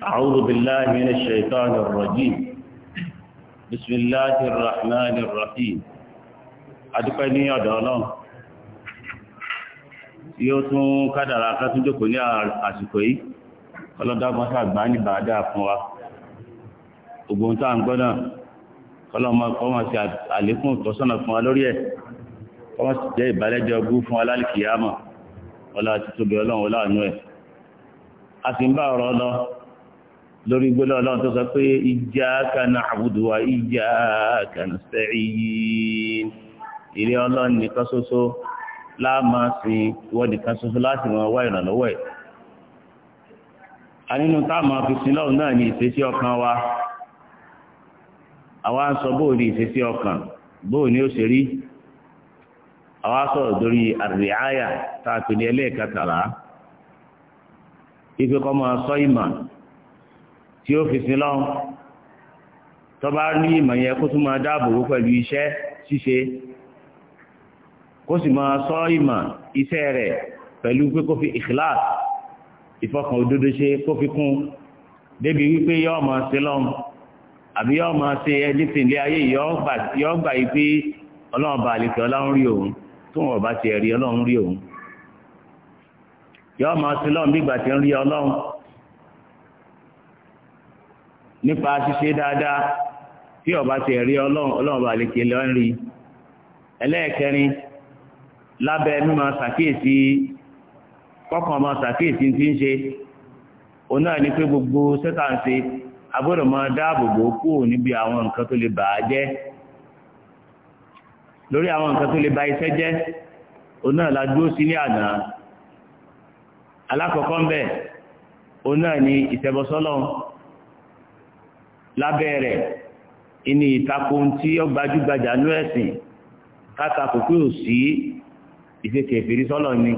أعوذ بالله من الشيطان الرجيم بسم الله الرحمن الرحيم adúpẹ́ ní ọ̀dọ̀ ọlọ́run tí ó tún kádàrà akátúnjòkó ní àsìkò yìí ọlọ́dọ́gbọ́n sàgbà ní bàádà fún wa ògbóhun tó à ń gbọ́ náà kọlọ́mọ kọ́mọ sí àlékún ìtọ́sọ́nà fún wa lórí ẹ̀ kọ́mọ sì jẹ́ ìbálẹ́jọ ọgbú fún wa lálìkìyàmọ̀ ọlá àti tóbi ọlọ́run ọlá àánú ẹ̀ a sì ń bá ọ̀rọ̀ lọ lórí gbólọ́ ọlọ́run tó sọ pé iyyaka na'budu wa iyyaka nasta'in ìrẹ́ ọlọ́run nìkan ṣoṣo láàmà sí ìwọ nìkan ṣoṣo láti wọn wá ìrànlọ́wọ́ ẹ̀. a nínú táàmù àfisìn náà ní ìṣesí ọkàn wa àwa ń sọ bóò ní ìṣesí ọkàn bóò ní ó àwa sọ̀rọ̀ lórí àríáyà tá ní ẹlẹ́ẹ̀kẹtàlá tí ó fi sin lọ́hùn tó bá ní ìmọ̀ kó tún máa dáàbò pẹ̀lú iṣẹ́ ṣíṣe kó sì máa sọ ìmọ̀ iṣẹ́ rẹ̀ pẹ̀lú pé kó fi ikhlas ìfọkàn òdodo ṣe kó fi kún débi wípé yọ́ ọmọ sí lọ́hùn àbí yọ́ ọmọ sí ẹni tìǹlé ayé yọ́ gbà yí pé àlèkè ọlọ́run rí òun tó wọn bá ti ẹ̀rí ọlọ́run rí òun yọ́ ọmọ sí lọ́hùn bí ìgbà tí ń rí ọlọ́run nípa ṣíṣe dáadáa tí ọba ti ẹ̀rí ọlọ́run ọlọ́run bá lè ké lọ́rí ẹlẹ́ẹ̀kẹrin lábẹ́ mímọ ṣàkíyèsí kọ́kàn ọmọ ṣàkíyèsí ti ń ṣe òun náà ni pé gbogbo sẹ́tàǹṣe agbọ́dọ̀ máa dáàbòbò kúrò níbi àwọn nǹkan tó lè bà á jẹ́ lórí àwọn nǹkan tó lè bà iṣẹ́ jẹ́ òun náà la dúró sí ní àná alákọ̀ọ́kọ́ ń bẹ̀ òun náà ni ìṣẹbọsọ́lọ́run lábẹ́ rẹ̀ ìní ìtakò tí ó gbajúgbajà ní ẹ̀sìn kátakò pé ò sí ìfẹ́kẹ̀ ìfèrí sọ́lọ̀ ni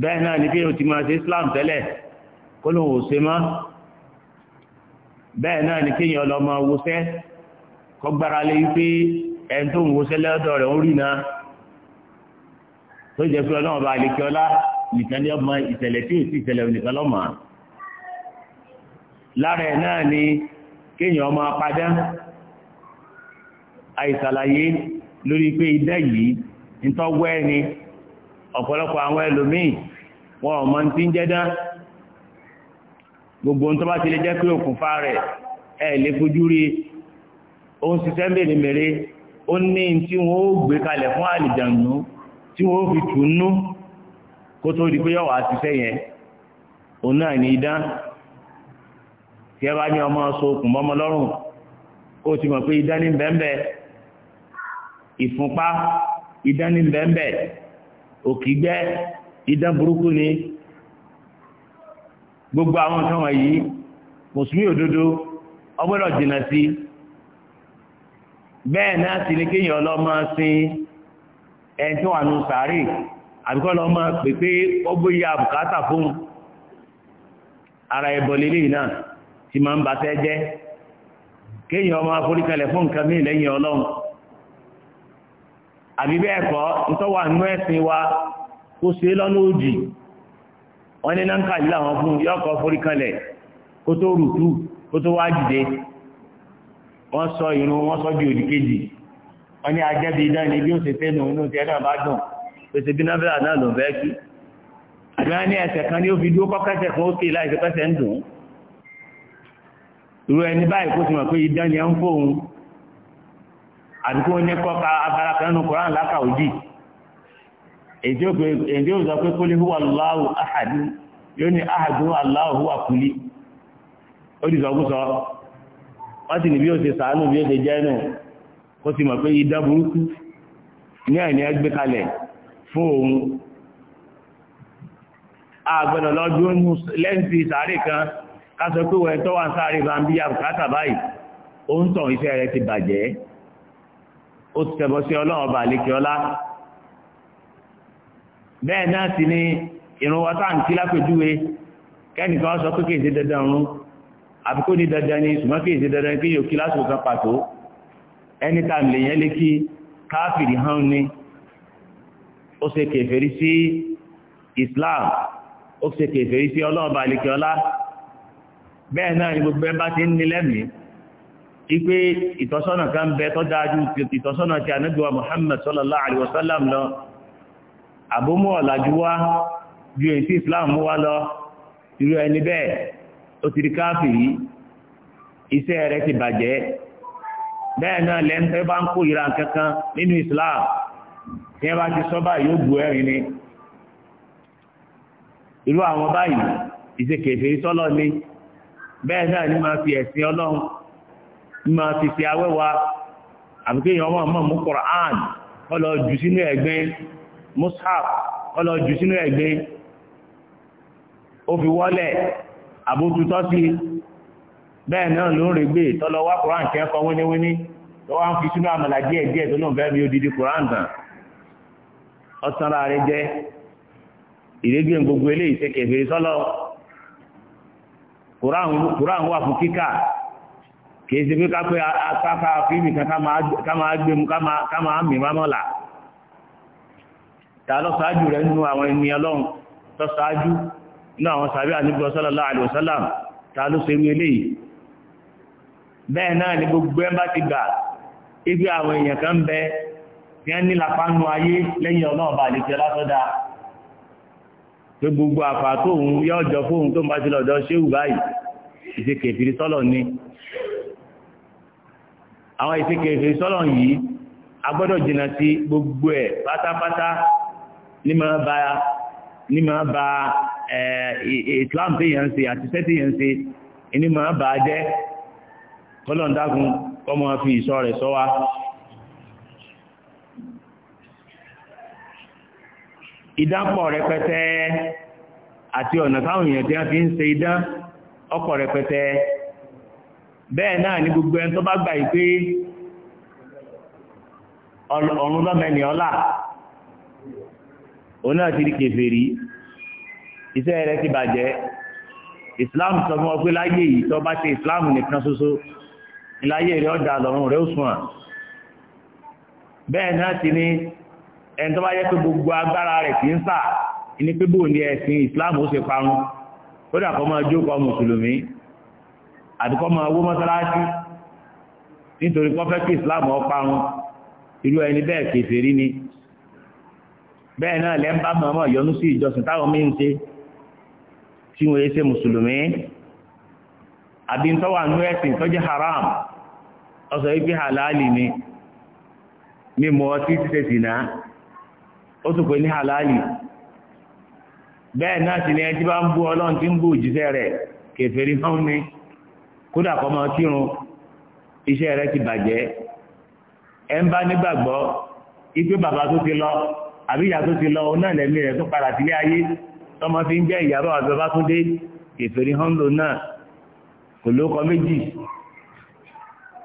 bẹ́ẹ̀ náà ni kí o ti máa ṣe Islam tẹ́lẹ̀ kó ló ń ṣe mọ́ bẹ́ẹ̀ náà ni kí èèyàn lọ máa wọṣẹ́ kọ́ gbára lé wípé ẹni tó ń wọṣẹ́ lọ́dọ̀ rẹ̀ ń rí náà tó jẹ́ pé ọlọ́run bá lè kí ọlá nìkan ní ọmọ ìṣẹ̀lẹ̀ tí ò sí ìṣẹ̀lẹ̀ nìkan lọ́mọ́ lára ẹ̀ náà ni kéèyàn ọmọ apadá àìsàlàyé lórí pé idẹ́ yìí ń tọ́gbọ́ ẹni ọ̀pọ̀lọpọ̀ àwọn ẹlòmíì wọn ọmọ tí ń jẹ́dá gbogbo ohun tó bá ti lè jẹ́ pé òkùnfà rẹ̀ ẹ̀ lè fojú rí ó ń ṣiṣẹ́ mèrè mèrè ó ní tí wọ́n ó gbé kalẹ̀ fún àlìjànú tí wọ́n ó fi tùnú kó tó di pé yọ̀wà ṣiṣẹ́ yẹn òun náà ní idán tí ẹ bá ní ọmọ sókùn mọ́mọ́ lọ́rùn kó o ti mọ̀ pé idán ní bẹ́ẹ̀bẹ́ ìfúnpá idán ní bẹ́ẹ̀bẹ́ òkìgbẹ́ idán burúkú ni gbogbo àwọn nǹkan wọ̀nyí mùsùlùmí òdodo ọgbọ́dọ̀ jìnnà sí bẹ́ẹ̀ náà sì ni kéèyàn ọlọ́mọ sin ẹni tí wà nù sàárè àbíkọ́ lọ́mọ pèpé ọgbóyè àbùkátà fún ara ẹ̀bọ̀ lélẹ́yìn náà tí máa ń ba fẹ́ jẹ́ kéèyàn ọmọ aforíkalẹ̀ fún nǹkan mí lẹ́yìn ọlọ́run àbí bẹ́ẹ̀ kọ́ nítọ́wà nú ẹ̀sìn wa kó ṣe lọ́nà òdì wọ́n ní náǹkà yìí làwọn fún yọ́kọ̀ aforíkalẹ̀ kó tó rùtú kó tó wá dìde wọ́n sọ ìrun wọ́n sọ di òdì kejì wọ́n ní ajẹ́bi idán ni bí ó ṣe fẹ́nu inú ti ẹ̀dá bá dùn pèsè bí náfẹ́lá náà lò bẹ́ẹ̀ kí àbí wọ́n ní ẹsẹ̀ kan ní ó fi dúró kọ́kẹ́sẹ̀ kan ó ké láìsí pẹ́sẹ̀ ń dùn ún ruo ẹni báyìí kó ti mọ̀ pé ni a ń fóun àti kó ní kọ́ka abala koran láka òjì èdè ò sọ pé kó lè húwà Allahu ahadu yóò ní ahadu Allahu húwà kúlí ó ti bí ó sàánù bí ó jẹ́ kó ti mọ̀ pé burúkú ní kásọ pé wọ́n tọ́ wà sáré bá ń bí àbùkátà báyìí ó ń tàn iṣẹ́ rẹ ti bàjẹ́ ó ti tẹ̀bọ́ sí ọlọ́run ọba àlékè ọlá bẹ́ẹ̀ náà sì ni ìrun wa tá à ń kẹ́nìkan sọ pé kì í ṣe dandan run àbí kò ní dandan ni ṣùgbọ́n kì í ṣe dandan kí yóò kí lásìkò kan pàtó anytime lèyàn lè kí káfìrí hàn ni ó ṣe kèfèrí sí Islam ó ṣe kèfèrí sí ọlọ́run ọba àlékè ọlá. bẹ́ẹ̀ náà ni gbogbo ẹbá ti ń ní lẹ́mìí ipé ìtọ́sọ́nà kan bẹ tó dájú ìtọ́sọ́nà ti ànábíwa mohamed sallallahu alaihi lọ àbómú ọlajuwa ju èyí tí Islam lọ irú ẹni bẹ́ẹ̀ ó ti di káfìrí iṣẹ́ rẹ̀ ti bàjẹ́ bẹ́ẹ̀ náà lẹ́ńtẹ́ kankan Islam bẹ́ẹ̀ náà ní máa fi ẹ̀sìn ọlọ́run ní máa fi fi awẹ́wa àbíkéyàn ọmọ ọmọ mú Qur'an kọlọ jù sínú ẹ̀gbẹ́ mushaf kọlọ jù sínú ẹ̀gbẹ́ ó fi wọ́lẹ̀ àbójútọ́ sí bẹ́ẹ̀ náà ló ń regbè tọ́lọ wá Qur'an kẹ́kọ̀ọ́ wíníwíní tó wá ń fi sínú àmàlà díẹ̀ díẹ̀ tó náà fẹ́ odidi Qur'an tàn ọ̀sán ara rẹ jẹ́ ìrégbè gbogbo eléyìí ṣe kẹfẹ́ sọ́lọ́ kùránù wà fún kíkà kìí ṣe pé kápẹ́ akáka fíìmì kan ká máa gbé mu ká máa mì mámọ́là ta lọ ṣáájú rẹ̀ nínú àwọn ẹni ọlọ́run tó ṣáájú nínú àwọn sàbí àníbọ̀ sallallahu alaihi wasallam ta ló ṣerú eléyìí bẹ́ẹ̀ náà ni gbogbo ẹ bá ti gbà ibi àwọn èèyàn kan bẹ tí wọ́n ní lápánu ayé lẹ́yìn ọlọ́ọ̀bà àlejò lásọ́dá pé gbogbo àfà tóun yọ ọjọ́ fóun tó ń bá ti lọ́dọ̀ ṣéwù báyìí ìṣèkè sọ́lọ̀ ni àwọn ìṣèkè ìfìrí sọ́lọ̀ yìí a gbọ́dọ̀ jìnnà sí gbogbo ẹ̀ pátápátá ní máa ba eh, Islam tí yẹn ń ṣe àti iṣẹ́ tí yẹn ń ṣe ní máa ba ìdánpọ̀ rẹpẹtẹ àti ọ̀nà táwọn èèyàn tí a fi ń ṣe idá ọ̀pọ̀ rẹpẹtẹ bẹ́ẹ̀ náà ní gbogbo ẹn tó bá gbà yìí pé ọ̀run lọ́mẹni ọlá òun náà ti di kèfèrí iṣẹ́ ti bàjẹ́ Islam ọ láyé yìí tó bá Islam nìkan ìláyé lọ́rùn ó sùn ẹni tó bá pé gbogbo agbára rẹ̀ ti ń sà ní pé ní ẹ̀sìn Islam ó ṣe parun kódà kọ́ máa jókòó mùsùlùmí àdúkọ́ máa wó mọ́sálásí nítorí Islam ó parun irú ẹni bẹ́ẹ̀ ni bẹ́ẹ̀ náà lẹ́ ń bá mọ̀ọ́mọ̀ yọnu sí ìjọsìn táwọn ń ṣe tí wọ́n yé ṣe mùsùlùmí àbí ń tọ́wà ní ẹ̀sìn haram ọ̀sọ̀ ibi halali ó tún pè ní halali bẹ́ẹ̀ náà sì ni ẹjí bá ń bú ọlọ́run tí ń bú òjíṣẹ́ rẹ̀ kèfèrí máa ń ní kódà tírun iṣẹ́ ti bàjẹ́ ẹ ń bá nígbàgbọ́ ipé bàbá tó ti lọ àbí ìyá tó ti lọ ọ náà lẹ́mí rẹ̀ tó padà ayé tọmọ fi ń jẹ́ ìyàrá ọ̀dọ́ hàn lò náà kò méjì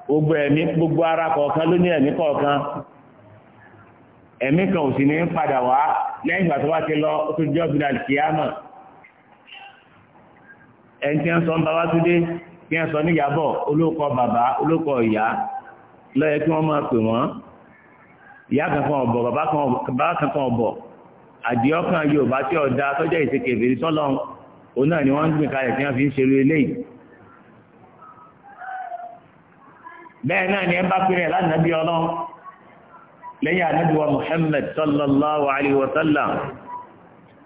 gbogbo ẹ̀mí gbogbo ara kọ̀ọ̀kan ló ní ẹ̀mí kan ò sì ní padà wá lẹ́yìn ìgbà tó bá ti lọ ó tún jẹ́ ọ̀gbìn àkíyàmọ̀ ẹni tí wọ́n sọ ń Babátúndé tí wọ́n sọ níyàbọ̀ olóko bàbá olóko ìyá lọ́yẹ kí wọ́n máa pè wọ́n ìyá kankan ọ̀bọ̀ bàbá kankan ọ̀bọ̀ àdìọ́kàn Yorùbá tí ọ̀dà tọ́jọ́ ìṣèkè ìbèrè sọ́lọ́run òun náà ni wọ́n ń gbìn kalẹ̀ tí wọ́n fi ń ṣerú eléyìí bẹ́ẹ̀ náà ni ẹ bá pèrè lánàá bí ọlọ́run lẹ́yìn ànábìwá Muhammad sallallahu alayhi wa sallam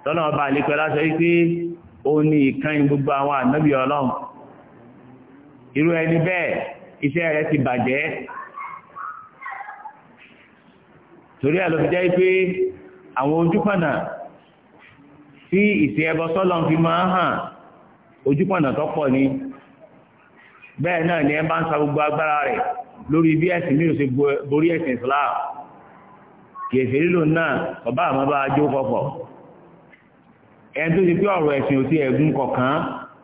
tọ́nà ọba àlékọ́ láṣọ wípé ó ní ìkànnì gbogbo àwọn ànábì ọlọ́run irú ẹni bẹ́ẹ̀ iṣẹ́ rẹ̀ ti bàjẹ́ torí ẹ̀ ló fi jẹ́ pé àwọn ojúpọ̀nà tí ìsìn ẹbọ sọ́lọ́n fi máa hàn ojúpọ̀nà tó pọ̀ ni bẹ́ẹ̀ náà ni ẹ bá ń sa gbogbo agbára rẹ̀ lórí bí ẹ̀sìn mi kèfèrí lò náà ọba àmọ́ bá jó kọ̀kọ̀ ẹni tó ti pé ọ̀rọ̀ ẹ̀sìn ò sí ẹ̀gún kọ̀ọ̀kan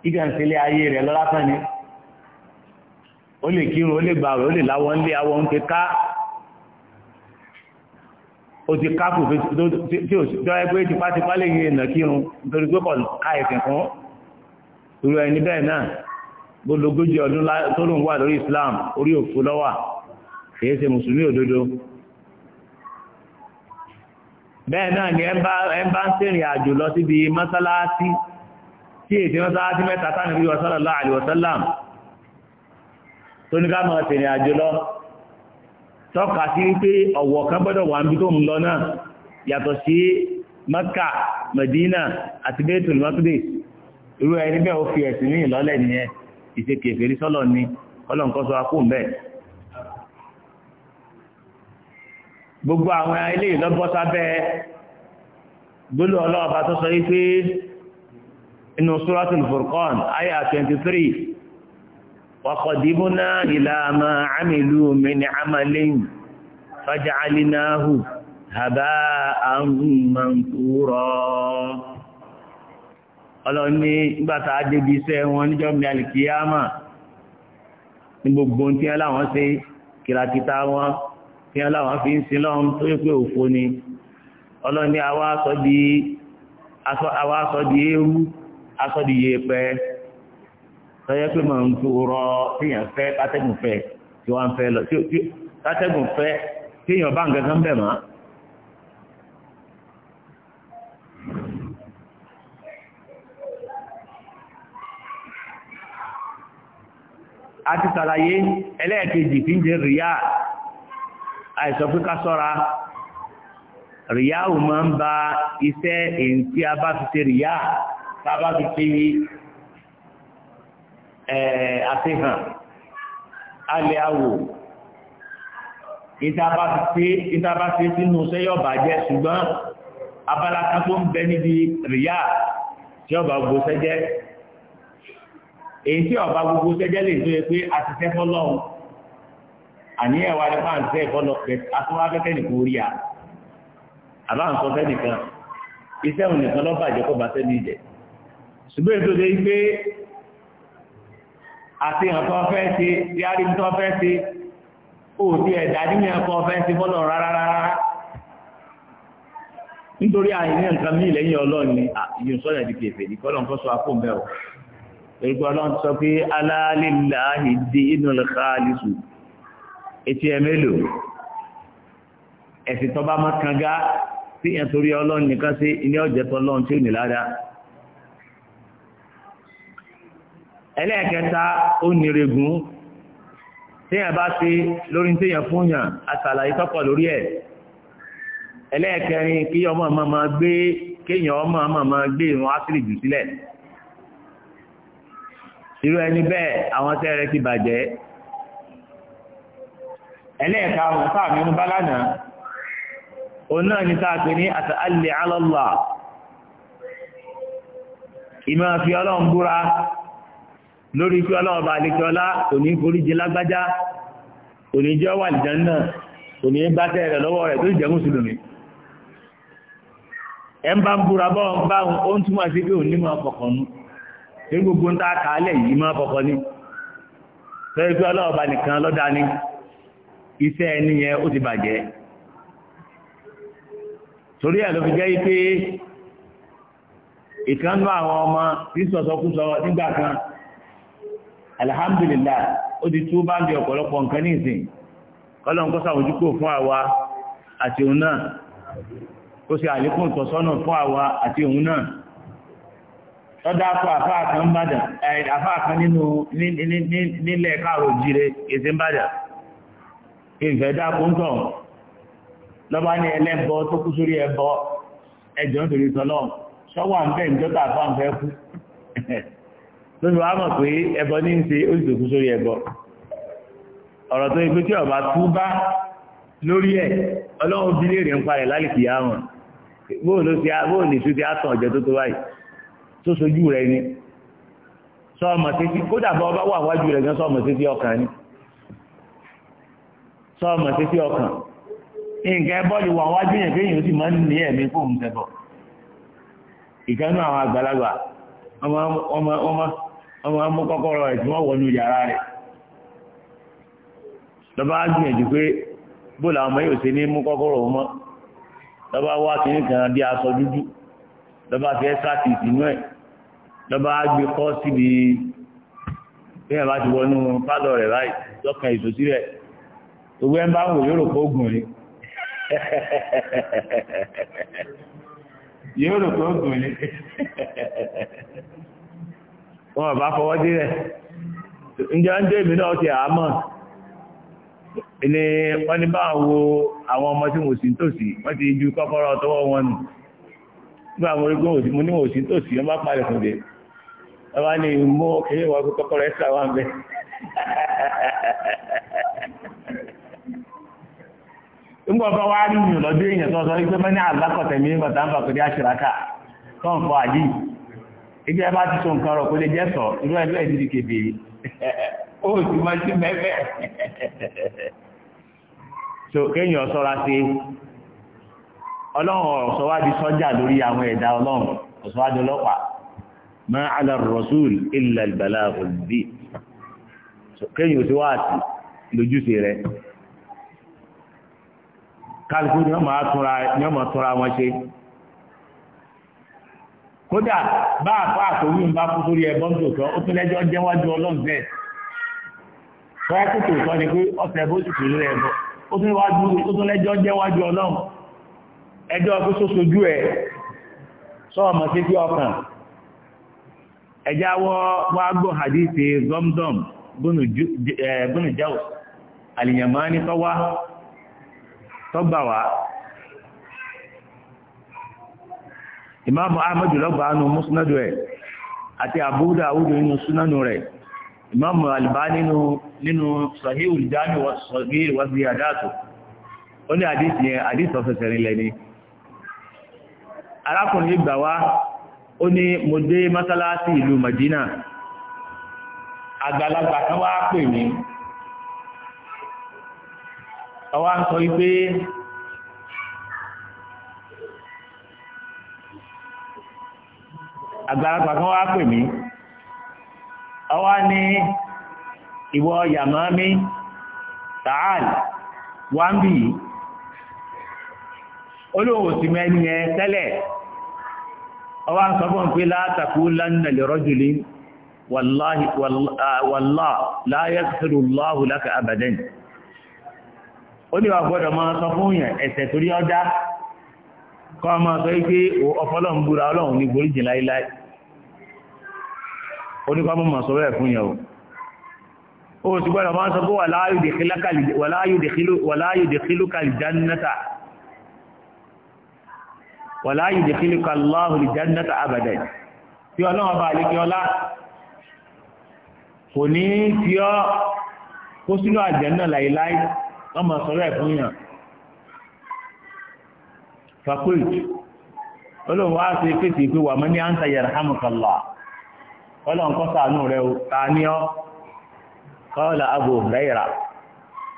ìgbà ń sílé ayé rẹ̀ lọ́lásán ni ó lè kírun ó lè gbàwẹ̀ ó lè láwọ ńlé awọ ń ti ká ó ti ká kù tí ó dọ́ẹ́ pé tipátipá lè yí ìnà kírun nítorí pé kọ̀ ká ẹ̀sìn fún irú ẹni bẹ́ẹ̀ náà gbólógójì ọdún tó lóun wà lórí Islam orí òfin lọ́wà kìí ṣe mùsùlùmí òdodo bẹ́ẹ̀ náà ni ẹmbá ń tẹ́rìn àjò lọ síbi mọ́sálásí tí èdè mọ́sálásí mẹ́ta tánà bí sallallahu alaihi tó ní ká tẹ̀rìn àjò lọ tọ́ka sí wípé ọ̀wọ̀ kan gbọ́dọ̀ wà tó ń lọ náà yàtọ̀ sí Mẹ́kà Mẹdínà àti Baitul Maqdis ni gbogbo àwọn ilé ìlọ́bọ́sábẹ́ gbólú ọlọ́ọ̀bá tó sọ wípé inú suratul furqan ayà 23 wa qadimna ila ma amilu min amalin faja'alnahu haba'an mansura ọlọ́ni gbàtà débi iṣẹ́ wọn níjọ́ mi ní gbogbo tí kí aláwọn fi ń sin lọ́run tó yẹ pé òfo ni ọlọ́run ní àwa sọ di àwa sọ di eérú asọ di yẹ̀pẹ̀ tọ́yẹ pé màá ń tó rọ téèyàn fẹ́ kátẹ́gùn fẹ́ tí wọ́n fẹ́ lọ kátẹ́gùn fẹ́ téèyàn bá nǹkan kan bẹ̀ mọ́. àti sàlàyé ẹlẹ́ẹ̀kejì tí ń jẹ́ rìyáà àìsọ pé ká sọ́ra ríyáù máa ń ba iṣẹ́ èyí tí a bá fi ṣe ríyá tá a bá fi ṣe àfihàn alẹ́ àwò ìtàbá fi sínú sẹ́yọ̀ bàjẹ́ ṣùgbọ́n abala kan tó ń bẹ níbi ríyá tí ọba gbogbo sẹ́jẹ́ èyí tí ọba gbogbo sẹ́jẹ́ lè tó yẹ pé àtìsẹ́ fọ́lọ́run àníyàn wa ni máa ń fẹ́ bọ́lọ̀ pẹ̀ atúwá fẹ́fẹ́ nìkan orí à àbá ń sọ fẹ́nìkan iṣẹ́ òun nìkan lọ́ba àjẹkọ́ bá sẹ́ni ìjẹ́ ṣùgbọ́n ètò ìdè pé àti nǹkan fẹ́ ṣe tí a rí ní tán fẹ́ ṣe ó ti ẹ̀dá níyàn kan fẹ́ ṣe bọ́lọ̀ rárá rárá nítorí àìní nǹkan mí lẹ́yìn ọlọ́run ni ìyún sọ́yà di kèfè ní kọ́lọ̀ nǹkan sọ àpò mẹ́rọ ọlọ́run sọ pé alálẹ́láhìdí inú lẹ́ka àlìsùn etí ẹ mélòó ẹ̀sìn tọ́ba máa kanga tí yẹn torí ọlọ́run nìkan sí ilé ọ̀jẹ̀ tọ́ lọ́run tí ò ní lára. ẹlẹ́ẹ̀kẹta ó nírègùn tí yẹn bá ṣe lórí tí yẹn fún yàn àtàlàyé tọ́pọ̀ lórí ẹ̀ ẹlẹ́ẹ̀kẹrin kí ọmọ ọmọ máa gbé kéèyàn ọmọ ọmọ máa gbé ìrun ásírì jù sílẹ̀ irú ẹni bẹ́ẹ̀ àwọn tẹ́rẹ ti bàjẹ́ ẹlẹ́ẹ̀ka ọ̀hún sáàmì ń bá lánàá O náà ni taa ní àtàlẹ́ alọ́lá ìmọ̀ fi ọlọ́run búra lórí pé ọlọ́run bá lè kíọ́lá kò ní foríjì lágbájá kò ní jẹ́ wà náà kò ní bá lọ́wọ́ rẹ̀ ẹ ń bá ń búra bọ́ ń bá ń sí pé òun ní máa fọkàn ní gbogbo ń kàálẹ̀ yìí máa fọkàn ní nìkan lọ́dá ni. iṣẹ́ ẹni yẹn ó ti bàjẹ́ torí ẹ̀ ló fi jẹ́ pé ìkànnú àwọn ọmọ tí sọ̀sọ̀kúsọ nígbà kan alihamdulilayi ó ti tú bá ń di ọ̀pọ̀lọpọ̀ nǹkan ní ìsìn kọ́lọ́n kó sàwójúkò fún àwa àti òun náà kó ṣe àlékún ìtọ́sọ́nà fún àwa àti òun náà tọ́dá kọ àfáà kan nínú nílẹ̀ káàró jíire èsì ń bàdàn ìfẹ́ dákúntọ̀ lọ́ba ní ẹlẹ́bọ tó kú sórí ẹbọ ẹjọ́ nítorí tọ́lọ́ sọ́wọ́ ń bẹ̀ níjọ́ta fáwọn fẹ́ kú lórí wa mọ̀ pé ẹbọ ní ń ṣe ó sì tó kú sórí ẹbọ ọ̀rọ̀ tó yẹ tí ọba tú bá lórí ẹ̀ ọlọ́run bí léèrè ń parẹ̀ lálìkì wọn bóun ló ti bóun ti àtàn ọ̀jọ́ tó tó báyìí tó sojú rẹ ni sọ ọmọ títí kódà bá wà wájú rẹ gan sọ ọmọ títí ọkàn ni sọ́ọ̀mọ̀ sí sí ọkàn nǹkan bọ́ọ̀lù wà wájú yẹn pé èèyàn sì máa ń ní ẹ̀mí kó ń tẹ̀bọ̀ ìkànnú àwọn àgbàlagbà ọmọ ọmọ kọ́kọ́rọ́ ẹ̀ tí wọ́n wọnú yàrá rẹ̀ lọ́ba gbìyànjú pé bóòlù àwọn ọmọ yóò ṣe ní mú kọ́kọ́rọ́ ọmọ lọ́ba wá kìíní kan bí aṣọ dúdú lọ́ba fi ẹ́sà ti ìsinú ẹ̀ lọ́ba gbé kọ́ síbi bí ẹ̀ bá ti wọnú pálọ̀ rẹ̀ báyìí lọ́kàn ìṣòsí rẹ̀ gbogbo ẹ̀ ń bá wò yóò rò pé ogun rí yóò rò pé ogun rí wọn ò bá fọwọ́ dé rẹ̀ ǹjẹ́ ń dé èmi náà ti àámọ̀ ilé wọ́n ní bá wo àwọn ọmọ tí mo sì ń tòsí wọ́n ti ju kọ́kọ́rọ́ tọwọ́ wọn nù nígbà mo rí pé mo ní mo sì ń tòsí wọ́n bá palẹ̀ fún mi wọ́n bá ní mú kéwàá kọ́kọ́rọ́ ẹ̀ sàwọn bẹ́ẹ̀ nígbà ọba wa rí mi lọ́dọ̀ èèyàn tó sọ wípé mẹ́ni àlákọ̀tẹ̀ mi nígbà tá ń fà pẹ̀lú àṣìrákà tó ń fọ àdí ìgbé ẹ bá ti so nǹkan rọ̀ kó lè jẹ́ sọ irú ẹgbẹ́ ìdílé kébèrè ó sì máa ṣe mẹ́fẹ́ so kéèyàn sọ́ra sí ọlọ́run ọ̀sọ́wádìí sọ́jà lórí àwọn ẹ̀dá ọlọ́run ọ̀sọ́wádìí ọlọ́pàá ma ala rasul illa al balagh al mubin kéèyàn ti wá lójúṣe rẹ̀ kálukú ni wọ́n máa túnra ni wọ́n máa túnra wọn ṣe kódà bá àpá àtòwí ń bá kú sórí ẹbọ ń tòótọ́ ó tún lẹ́jọ́ jẹ́wájú ọlọ́run bẹ́ẹ̀ tọ́yá kú tòótọ́ ni pé ọ̀sẹ̀ bó sì tòótọ́ ẹbọ ó tún lẹ́jọ́ jẹ́wájú ọlọ́run ẹjọ́ ọkú só sojú ẹ̀ sọ́ọ̀mọ̀ sí kí ọkàn ẹjá wọ́ gbọ́ hadithi gomdom gúnù jẹ́ àlìyàmá ní tọ́wá tọ́gbà wá ìmáàmù ahmed lọ́gbàá nu musnadu ẹ̀ àti Abu Dawud nínú súnánù rẹ̀ ìmáàmù Albani nínú sahihul jami wa saghir wa ziyadatu ó ní àdísì yẹn àdísì ọ̀fẹ́sẹ̀ rinlẹ̀ ni arákùnrin gbà wá ó ní mo dé mọ́sálásí ìlú Madina àgbàlagbà kan wá pè mí ọwá ń sọ wípé àgbàlagbà kan wá pè mí ọwá ní ìwọ yàmọ́mí tààl wáńbì olóòwò sí mẹ́ni ẹ tẹ́lẹ̀ ọwá ń sọ fún pé látàkú lánàá lè rọ́jùlé wàlá láyé kìtìrù lọ́hùn lákà abadan ó ní wà gbọ́dọ̀ máa sọ fún yàn ẹ̀ṣẹ̀ torí ọjà kọ́ máa sọ pé ọ̀fọ́lọ́run búra ọlọ́run ní boríjì láíláí ó ní kọ́ máa sọ bẹ́ẹ̀ fún yàn o ó ti gbọ́dọ̀ máa sọ pé wàlá yudkhiluka Allahu al-jannata abadan tí ọlọ́run bá àlékí ọlá kò ní tí ọ kó sínú àjẹ́ náà láìláì wọ́n máa sọ̀rọ̀ ẹ̀ fún yàn fakult olóhùn wá sí kéèkì pé wà mọ́ ní àǹtà yarhamukallah ọlọ́run kọ́ sàánú rẹ̀ o ta ní ọ́ kọ́ọ̀lá Abu Huraira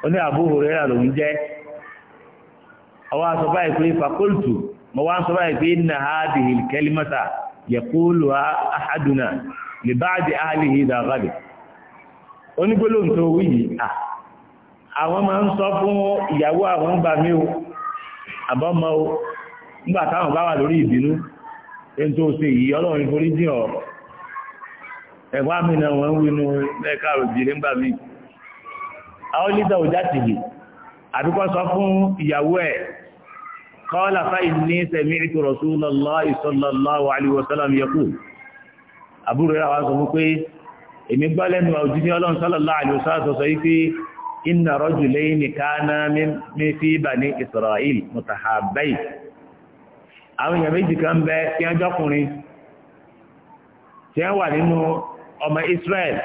ó ní Abu Huraira lòún jẹ́ ọwọ́ aṣọ báyìí pé fakultu mo wá ń sọ báyìí pé inna hadhihi al-kalimata yaquluha ahaduna li ba'di ahlihi idha ghadiba onígbólóhùn tó wí yìí ah, àwọn máa ń sọ fún ìyàwó àwọn gbà mí o àbọ́mọ́ o nígbà táwọn bá wà lórí ìbínú ẹni tó ṣe yìí ọlọ́run forí dì ọ́ ẹ̀wọ́ àmì náà ń wínú lẹ́ẹ̀ka òbíire ńgbà mí àwọn lídà òjá ti yìí àdúkọ́ sọ fún ìyàwó ẹ̀ kọ́ọ́lá fáyì ní sẹ̀mí ètò Rasulullahi sallallahu alaihi wasallam yaqul àbúrò rẹ̀ wá sọ fún pé èmi gbọ́ lẹ́nu àwùjí ní ọlọ́run sallallahu alaihi wasallam yìí pé inna rajulaini kana min fi bani israel mutahabbai àwọn èèyàn méjì kan bẹ tí wọ́n jọkùnrin tí wa ninu, ọmọ israel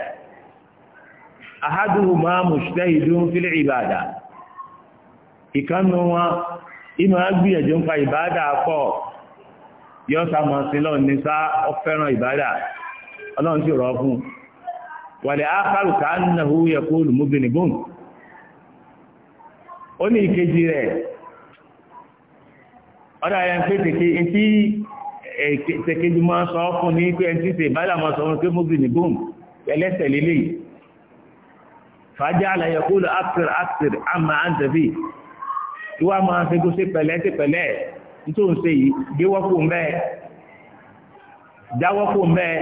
ahaduhuma mujtahidun fil ibada ìkànnù wọn ìmọ̀ agbìyànjú ibada pa ìbádà pọ̀ yọ́ sàmọ̀ sí lọ́n ní sá ó fẹ́ràn ìbádà ọlọ́run sì rọ̀ ó ní ìkejì rẹ̀ ọ̀dá ayẹ́ ń pé tèké tí tèkéjì máa sọ fún ní pé ẹni tètè báyà máa sọ fún pé mọ́bì ní bóòm ẹlẹ́sẹ̀ lélẹ̀ fàájá àlàyé kúlò ápìrì ápìrì àmà àǹtẹ̀bì tí wàá máa fi gúnṣe pẹ̀lẹ́ ti pẹ̀lẹ́ nítorí ń ṣe yìí gbéwọ́pù ń bẹ́ẹ̀ dáwọ́pù ń bẹ́ẹ̀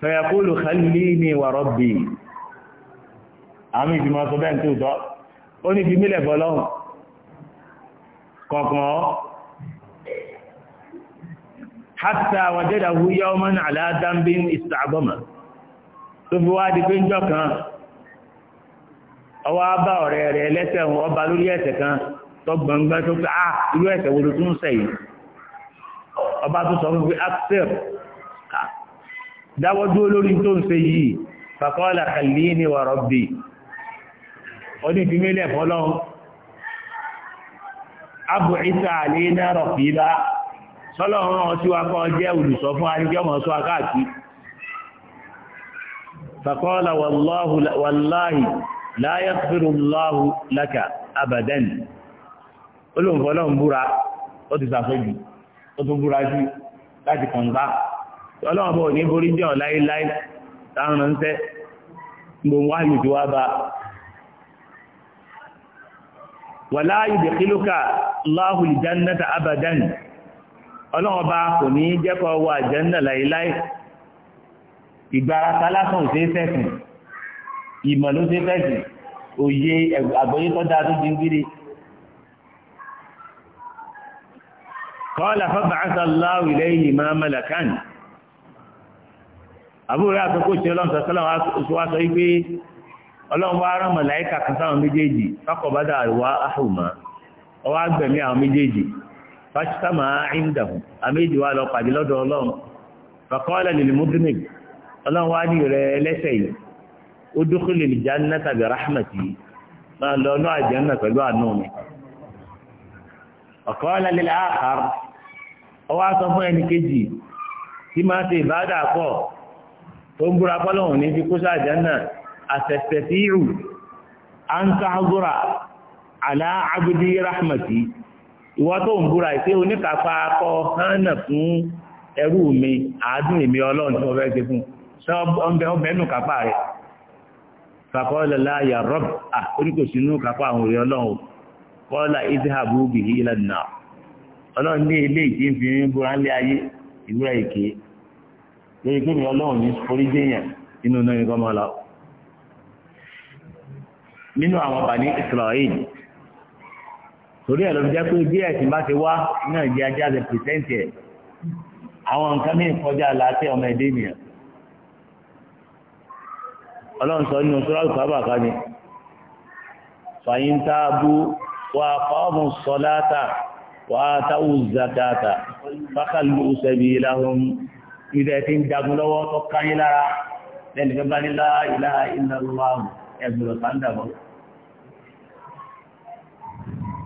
fẹ̀yàkúlò khalili ni wa rabbi àmì ìfìmọ̀ bẹ́ẹ̀ ní tòótọ́ ó ní fi mílẹ̀ bọ́ lọ́hùn kọ̀ọ̀kan ọ́ hátà wàjẹ́dà wúyá ọmọ náà aláàdámbí ìsàbọ̀mà tó fi wá di pé ń jọ kan ọwọ́ bá ọ̀rẹ́ rẹ̀ lẹ́sẹ̀ ọba lórí ẹ̀sẹ̀ kan tó gbọ̀ngbẹ́ tó pé ah irú ẹ̀sẹ̀ wo ló tún sẹ̀ yìí ọba tó sọ fún pé axel ah, dáwọ́ dúró lórí tó ń ṣe yìí fàkọ́lá kàlí ní wàrọ̀ bíi ọdún fi mílẹ̀ fọ́lọ́run abu isa alẹ́ náà rọ̀ fi bá sọ́lọ́run ọ̀hún kọ́ jẹ́ olùsọ fún arígbọ́mọ̀ sọ wallahi fàkọ́lá wàláhì láyé fìrùláhù lákà abadan olùfọ́lọ́run búra ó ti sàfẹ́jù ó tún búra sí láti kọ̀ǹgbá ọlọ́run bọ̀ ní borí jẹ́ ọ̀láyé láyé táwọn ń tẹ́ tí wá bá wàlá yudkhiluka Allahu al-jannata abadan ọlọ́wọ́n bá kò ní jẹ́kọ̀ wọ àjẹ́nà láìláì ìgbàrata lásán ò ṣeé fẹ̀sìn ìmọ̀ ló ṣeé fẹ̀sìn òye àgbọ́yé tó dáa tó jingiri. qala fab'atha Allahu ilayhi ma malakan àbúrò àtọ́kọ́ ìṣẹ́ ọlọ́run wá rán màláíkà kan sáwọn méjèèjì fákọ̀bádà àríwá áhùmá ọwá gbẹ̀mí àwọn méjèèjì fásitàmà ìndàhùn àméjì wá lọ pàdé lọ́dọ̀ ọlọ́run fàkọ́ọ̀lẹ̀ lè mùdínì ọlọ́run wá ní rẹ ẹlẹ́sẹ̀ yìí ó dúkú lè já ná tàbí ráhmàtì máa lọ ní àjẹ́nà pẹ̀lú àánú mi أتستطيع أن تحضر على عبدي رحمتي ìwọ́n tó ń búra ìpé oníkàfà akọ hánà fún ẹrú mi àádùn èmi ọlọ́run tí wọ́n a ṣe fún ṣe ọmọbẹ̀ ọmọbẹ̀ẹ́nù kápá rẹ̀ fàkọ́lẹ̀lá yà rọ́b à oníkòsínú kápá àwọn òrẹ́ ọlọ́run nínú àwọn bàní Israel torí ẹ̀ ló fi jẹ́ pé bí ẹ̀sìn bá ti wá náà jẹ́ ajá the present ẹ̀ àwọn nǹkan mìíràn kọjá láti ọmọ ẹ̀dẹ́ ènìyàn ọlọ́run sọ nínú sọ́rọ́ àlùkábà kan ni fàyín tá a bú wà fáwọn sọláta wà táwù zakata fákàlù sẹbi ìlàhùn ìdẹ tí ń jagun lọ́wọ́ tó káyé lára lẹ́nu kẹbàá ní láìláà ìlàlúwà ẹgbẹ̀rún sáńdà bọ́lá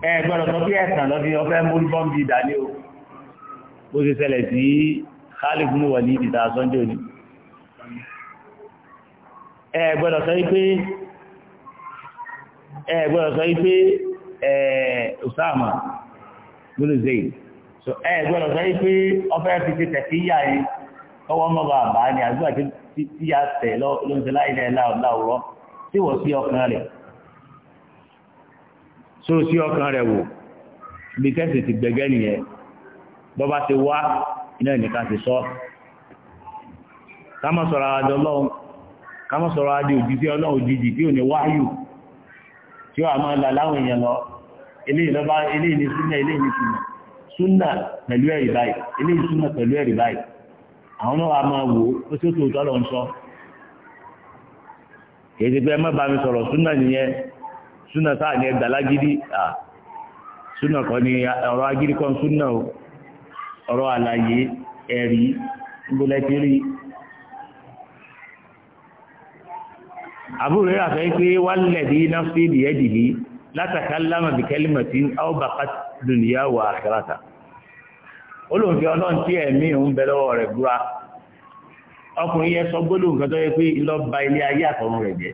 ẹ gbọ́dọ̀ sọ bí ẹ̀sán lọ́fi ọfẹ́ múlùbọ́n bíi dání o bó ṣe ṣẹlẹ̀ sí Khalid mú wà ní ìdìta sunday ni ẹ gbọ́dọ̀ sọ wípé ẹ gbọ́dọ̀ sọ wípé ẹ Usama gbọ́dọ̀ zayn so ẹ gbọ́dọ̀ sọ wípé ọfẹ́ fi ṣe tẹ̀síyà yìí ọwọ́ mọ́ bàbá ni àgbà tí yà tẹ̀ ló ń ṣe láìlẹ̀ láwùrọ̀ tí so sí ọkàn rẹ̀ wò bí tẹ́sì ti gbẹ̀gẹ́ nìyẹn bọ́bá ti wá iná ìnìkan ti sọ ká má sọ̀rọ̀ adé ọlọ́run ká má sọ̀rọ̀ adé òjijì ọlọ́run tí ò ní wáyù tí ó àmọ́ la láwọn èèyàn lọ eléyìí lọ́ba eléyìí ní súnà eléyìí ní súnà súnà pẹ̀lú ẹ̀rí báyìí eléyìí súnà pẹ̀lú ẹ̀rí báyìí àwọn náà wà máa wò ó tí ó tó tọ́lọ̀ ń sọ kì pé ẹ má bá mi sọ̀rọ̀ súnà nìyẹn súnà sáà ní ẹgbà lágídí à súnà kọ́ ni ọ̀rọ̀ agídí kan súnà ọ̀rọ̀ àlàyé ẹ̀rí gbólẹ́tírí àbúrò rẹ̀ àfẹ́ pé wálẹ̀dí náfẹ́ ìdíyẹ́dìí látàkálàmà bí kẹ́límọ̀tì áwọ̀bàkà dùnìyà wà àkàràtà olóòfin ọlọ́run tí ẹ̀mí ń bẹ lọ́wọ́ rẹ̀ búra ọkùnrin yẹn sọ gbólóhùn kan tó yẹ pé ilé ayé àtọ̀run rẹ̀ jẹ́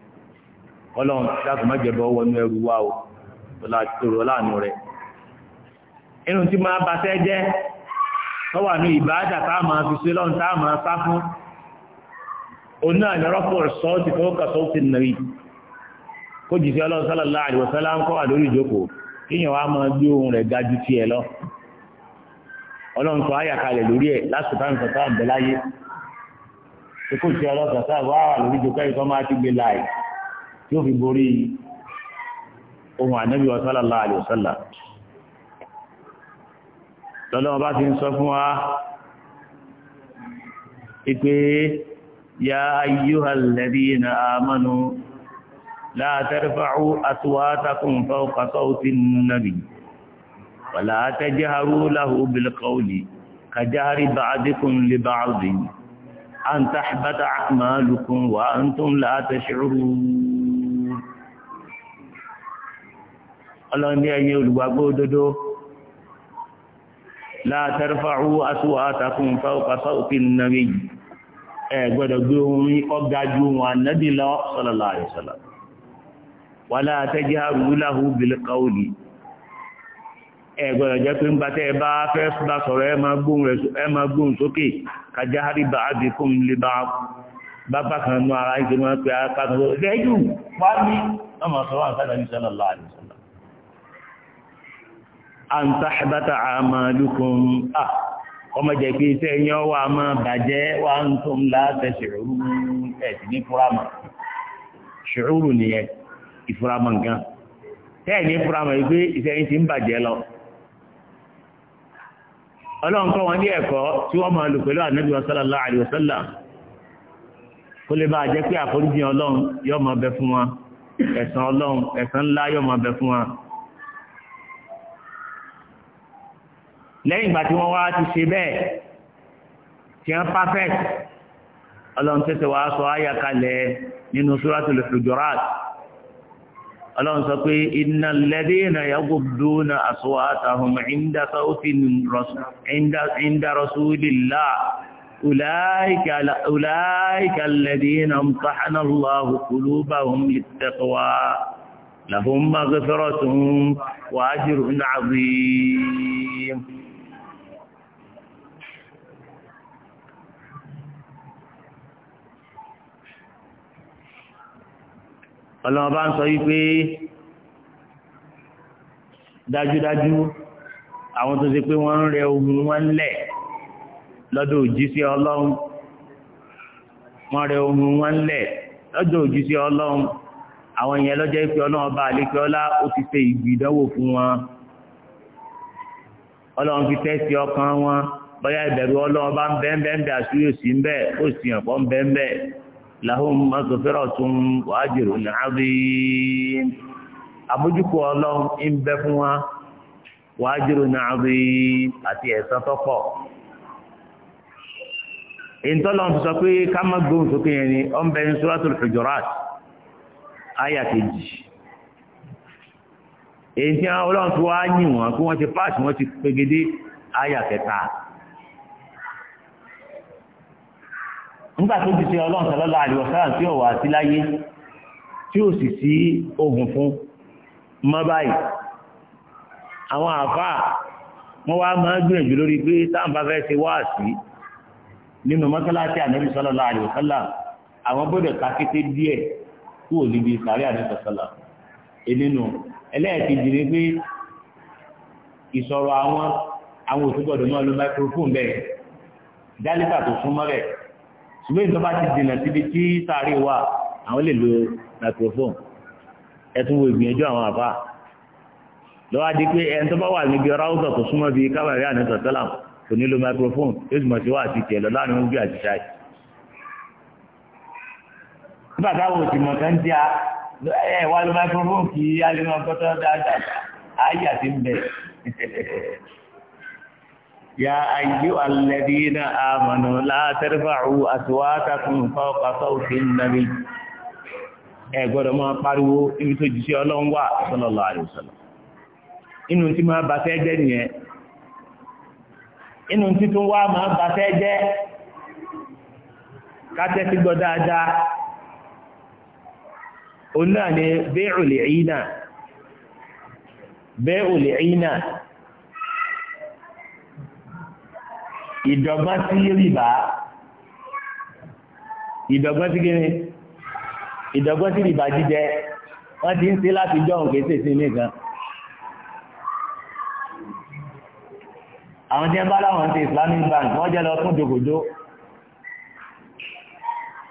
ọlọ́run dákun má jẹ́ bọ́ wọnú ẹrú wa o ọlá tòrò láàánú rẹ̀ inú tí máa bá fẹ́ jẹ́ tọ́wà ní ìbáàdà táà máa fi ṣe lọ́run táà máa sá fún òun náà ní rọ́pò sọ́ ti fọwọ́ kà sọ́ọ́ ti nà rí kó jì sí ọlọ́run sallallahu alaihi wasallam ń kọ́ wà lórí ìjókòó kíyàn wa máa gbé ohun rẹ̀ ga ju tiẹ̀ lọ ọlọ́run sọ ayàkalẹ̀ lórí ẹ̀ láti bá ń bẹ láyé kó jì sí ọlọ́run sallallahu wà lórí ìjókòó yóò fi borí ohun ànábì wa sallallahu alaihi wasallam lọ́lọ́ ọba ti ń sọ fún wa ipe ya ayyuhal ladina amanu la tarfa'u aswatakum fawqa sawti an-nabi wa la tajharu lahu bil qawli kajahri ba'dikum li ba'din an tahbata wa antum la tash'urun ọlọ́ni ẹ̀yin olùgbàgbọ́ òdodo la tarfa'u aswatakum fawqa sawti an-nabi ẹ gbọ́dọ̀ gbé orin ọgá ju wọn ànábì lọ sallallahu alaihi wasallam wala tajharu lahu bil qawli ẹ gbọ́dọ̀ jẹ́ pé ń bá tẹ́ bá fẹ́ bá sọ̀rọ̀ ẹ máa gbóhùn sókè kajahri kan nú ara ìgbìmọ̀ pé a kàtàkùn lẹ́yìn wá ní ọmọ sọ̀rọ̀ àǹtàdàbí sallallahu alaihi wasallam àǹtàṣàbátà àmàlùkùn à ọmọ jẹ́ pé iṣẹ́ yán wà mọ́ bàjẹ́ wà ń tó ń láàfẹ́ ṣòrúrú ẹ̀sì ní fúramà ṣòrúrù nìyẹn ìfúramà nǹkan tẹ́ẹ̀ ní fúramà yìí pé iṣẹ́ yín ti ń bàjẹ́ lọ ọlọ́run kọ́ wọn ní ẹ̀kọ́ tí wọ́n máa lò pẹ̀lú ànábì sallallahu lẹ́yìn ìgbà tí wọ́n wá ti ṣe bẹ́ẹ̀ tí wọ́n perfect ọlọ́run tẹ́tẹ̀ wá sọ àyà kalẹ̀ nínú suratul hujurat ọlọ́run sọ pé innal ladhina yaghudduna aswatahum inda sawtin inda rasulillah ọlọ́run bá ń sọ wípé dájúdájú àwọn tó ṣe pé wọ́n ń rẹ ogun wọn lẹ̀ lọ́dọ̀ òjíṣẹ́ ọlọ́run wọ́n rẹ ogun wọn lẹ̀ lọ́dọ̀ òjíṣẹ́ ọlọ́run àwọn èèyàn lọ́jọ́ ìpè ọlọ́run bá àlékè ọlá ó ti ṣe ìgbìdánwò fún wọn ọlọ́run fi tẹ́sí ọkàn wọn bóyá ìbẹ̀rù ọlọ́run bá ń bẹ́ẹ̀ bẹ́ẹ̀ bẹ́ẹ̀ àṣírí òsì ń bẹ́ẹ̀ ó sì hàn pọ́ ń bẹ́ẹ̀ bẹ́ẹ̀. lahum maghfiratun wa ajrun azim àbójúkọ ọlọ́run ń bẹ fún wa wa ajrun azim àti ẹ̀san tó pọ̀ ìntọ́lọ́n sọ pé ká má gbóhùn sókè yẹn ni ó bẹ ní kejì èyí tí tó wá kí wọ́n ti wọ́n ti nígbà tó ti ṣe ọlọ́run sọlọ́lá àríwọ̀sára tí ó wà sí láyé tí ó sì sí ogun fún mọ́ báyìí àwọn àfáà wọ́n wá máa gbìyànjú lórí pé táǹbà fẹ́ ṣe wáàsí nínú mọ́sálásí ànábì sọlọ́lá àríwọ̀sára àwọn gbọ́dọ̀ ká kété díẹ̀ kúrò níbi sàárẹ̀ ànábì sọlọ́lá ẹnìnú ẹlẹ́ẹ̀kejì ni pé ìsọ̀rọ̀ àwọn àwọn òtúgbọ̀dọ̀ máa lo microphone bẹ́ẹ̀ dálítà tó súnmọ́ bẹ́ẹ̀ ṣùgbọ́n ìjọba ti dènà síbi tí sáré wà àwọn lè lo microphone ẹtún wo ìgbìyànjú àwọn àbá lọ́wọ́ adi pé ẹni tó bá wà níbi ọ̀rọ̀ àwùjọ tó súnmọ́ bíi kábàárẹ̀ àná sọ̀tọ́là kò ní lo microphone yóò sì mọ̀ sí wà àti tiẹ̀ lọ láàrin oúnjẹ àti ṣáì. nígbà táwọn òsì mọ̀ tán díà ẹ wá lo microphone kì í alẹ́ mọ́ gbọ́tọ́ dáadáa ayé àti ń يا أيها الذين آمنوا لا ترفعوا أصواتكم فوق صوت النبي ẹ gbọ́dọ̀ máa pariwo ibi tó jíṣẹ́ sallallahu alaihi wasallam inú tí máa bà fẹ́ jẹ́ nìyẹn inú tí tún wá máa bà fẹ́ jẹ́ ìdọ̀gbọ́n sí rìbá ìdọ̀gbọ́n sí kíni ìdọ̀gbọ́n sí rìbá jíjẹ wọ́n ti ń ṣe láti jọ̀hún kéṣe sí nìkan. àwọn jẹ́ bá láwọn ti Islamic Bank wọ́n jẹ́ lọ fún jòkòjò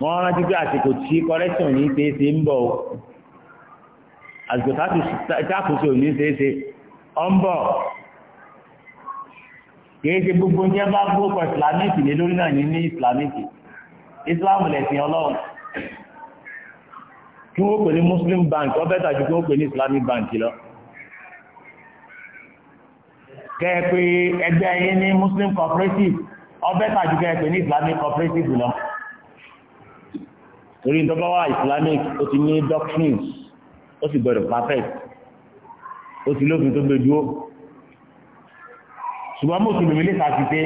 wọ́n rántí pé àsìkò tí correction ní ṣeéṣe ń bọ̀ àsìkò táàkùsì ní ṣeéṣe ọ ń bọ̀ kìí ṣe gbogbo ní ẹbá gbogbo ìsìlámìkì lé lórí náà ní ní ìsìlámìkì islam lẹ̀sìn ọlọ́run kí wọ́n pè ní muslim bank ọ bẹ́tà ju kí wọ́n pè ní islamic bank lọ kẹ́ẹ̀pẹ́ ẹgbẹ́ yín ní muslim cooperative ọ bẹ́tà ju kẹ́ẹ̀pẹ́ ní islamic cooperative lọ torí ìtọ́gbọ́ wa islamic ó ti ní doctrines ó sì gbọ́dọ̀ perfect ó ti lófin tó gbé dúró ṣùgbọ́n mùsùlùmí lè sàkìtẹ́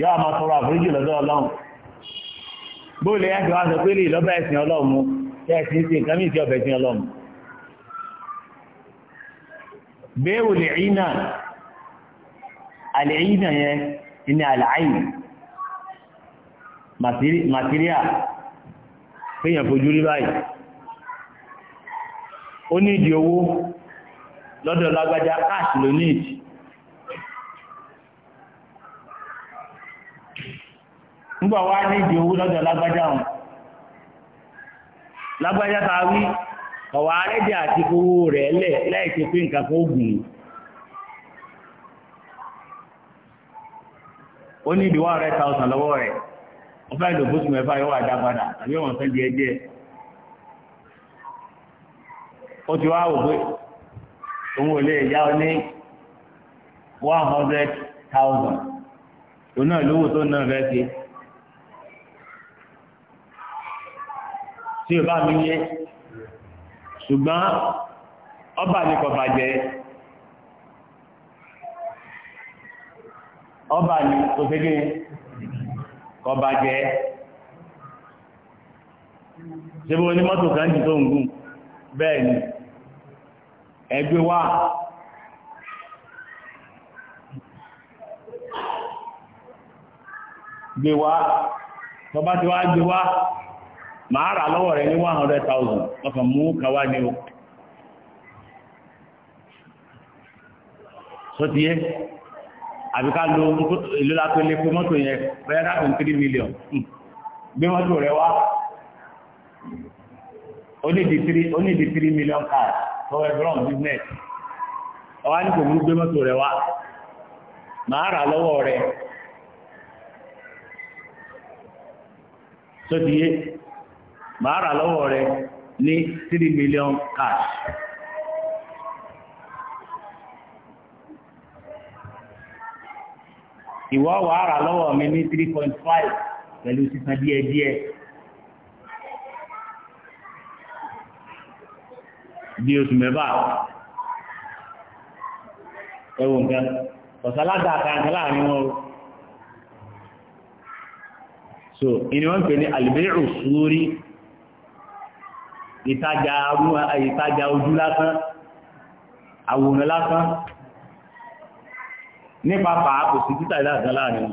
yóò máa tọrọ àforíjì lọ́dọ̀ ọlọ́run bóòlù ẹ̀sìn wa sọ pé lè lọ́bẹ̀ ẹ̀sìn ọlọ́run mu tẹ́ ẹ̀sìn sí nǹkan mìíràn tí ọbẹ̀ ẹ̀sìn ọlọ́run bẹ́ẹ̀wò lè rí náà àlèyí náà yẹn ní àlàáyì màtíríà fẹ́yàn fojú rí báyìí ó ní ìdí owó lọ́dọ̀ lágbájá káàkiri lónìí nígbà wá ní ìdí owó lọ́dọ̀ lágbájá wọn lágbájá ta wí ọ̀wà arẹ́dẹ̀ àti owó rẹ̀ lẹ̀ láìsí pé nǹkan kan oògùn ó ní ìdí one hundred thousand lọ́wọ́ rẹ̀ wọ́n fẹ́ lò bóṣù mẹ́fà yóò wà dá padà àbí wọ́n fẹ́ di ẹjẹ́ ó ti wá wò òun ò lè yá ọ ní one hundred thousand òun náà lówó tó náà fẹ́ ṣe. tí o bá mi yé ṣùgbọ́n ọba ni kò bàjẹ́ ọba ní kò ségi kò bàjẹ́ ṣé bí onímọ́tò kan jù tó ń gùn bẹ́ẹ̀ ni ẹgbẹ́ wa gbé wá tọba tí wá gbé wá máa rà lọ́wọ́ rẹ̀ ní 100,000 ọkàn mú kawá ní o so ti yé àbíká lo ìlú látó lè fún mọ́tò yẹn bẹ́ẹ̀ dákò 3 million hmm. gbé mọ́tò rẹ̀ wá ó ní di 3 million card for a ground business ọwá ní kò mú gbé mọ́tò rẹ̀ wá máa rà lọ́wọ́ rẹ̀ so ti yé máa rà lọ́wọ́ rẹ ní 3 million cash ìwọ wà á rà lọ́wọ́ mi ní 3.5 pẹ̀lú sísan díẹ̀díẹ̀ bí oṣù mẹ́fà ẹwọ̀n kan ọ̀sáládà àkàǹkà láàrin wọn o so ìní wọ́n pè ní àlùbẹ́rù sórí ìtajà ìtajà ojú lásán àwòrán lásán nípa pàá kò sí títà ìlàsán láàrin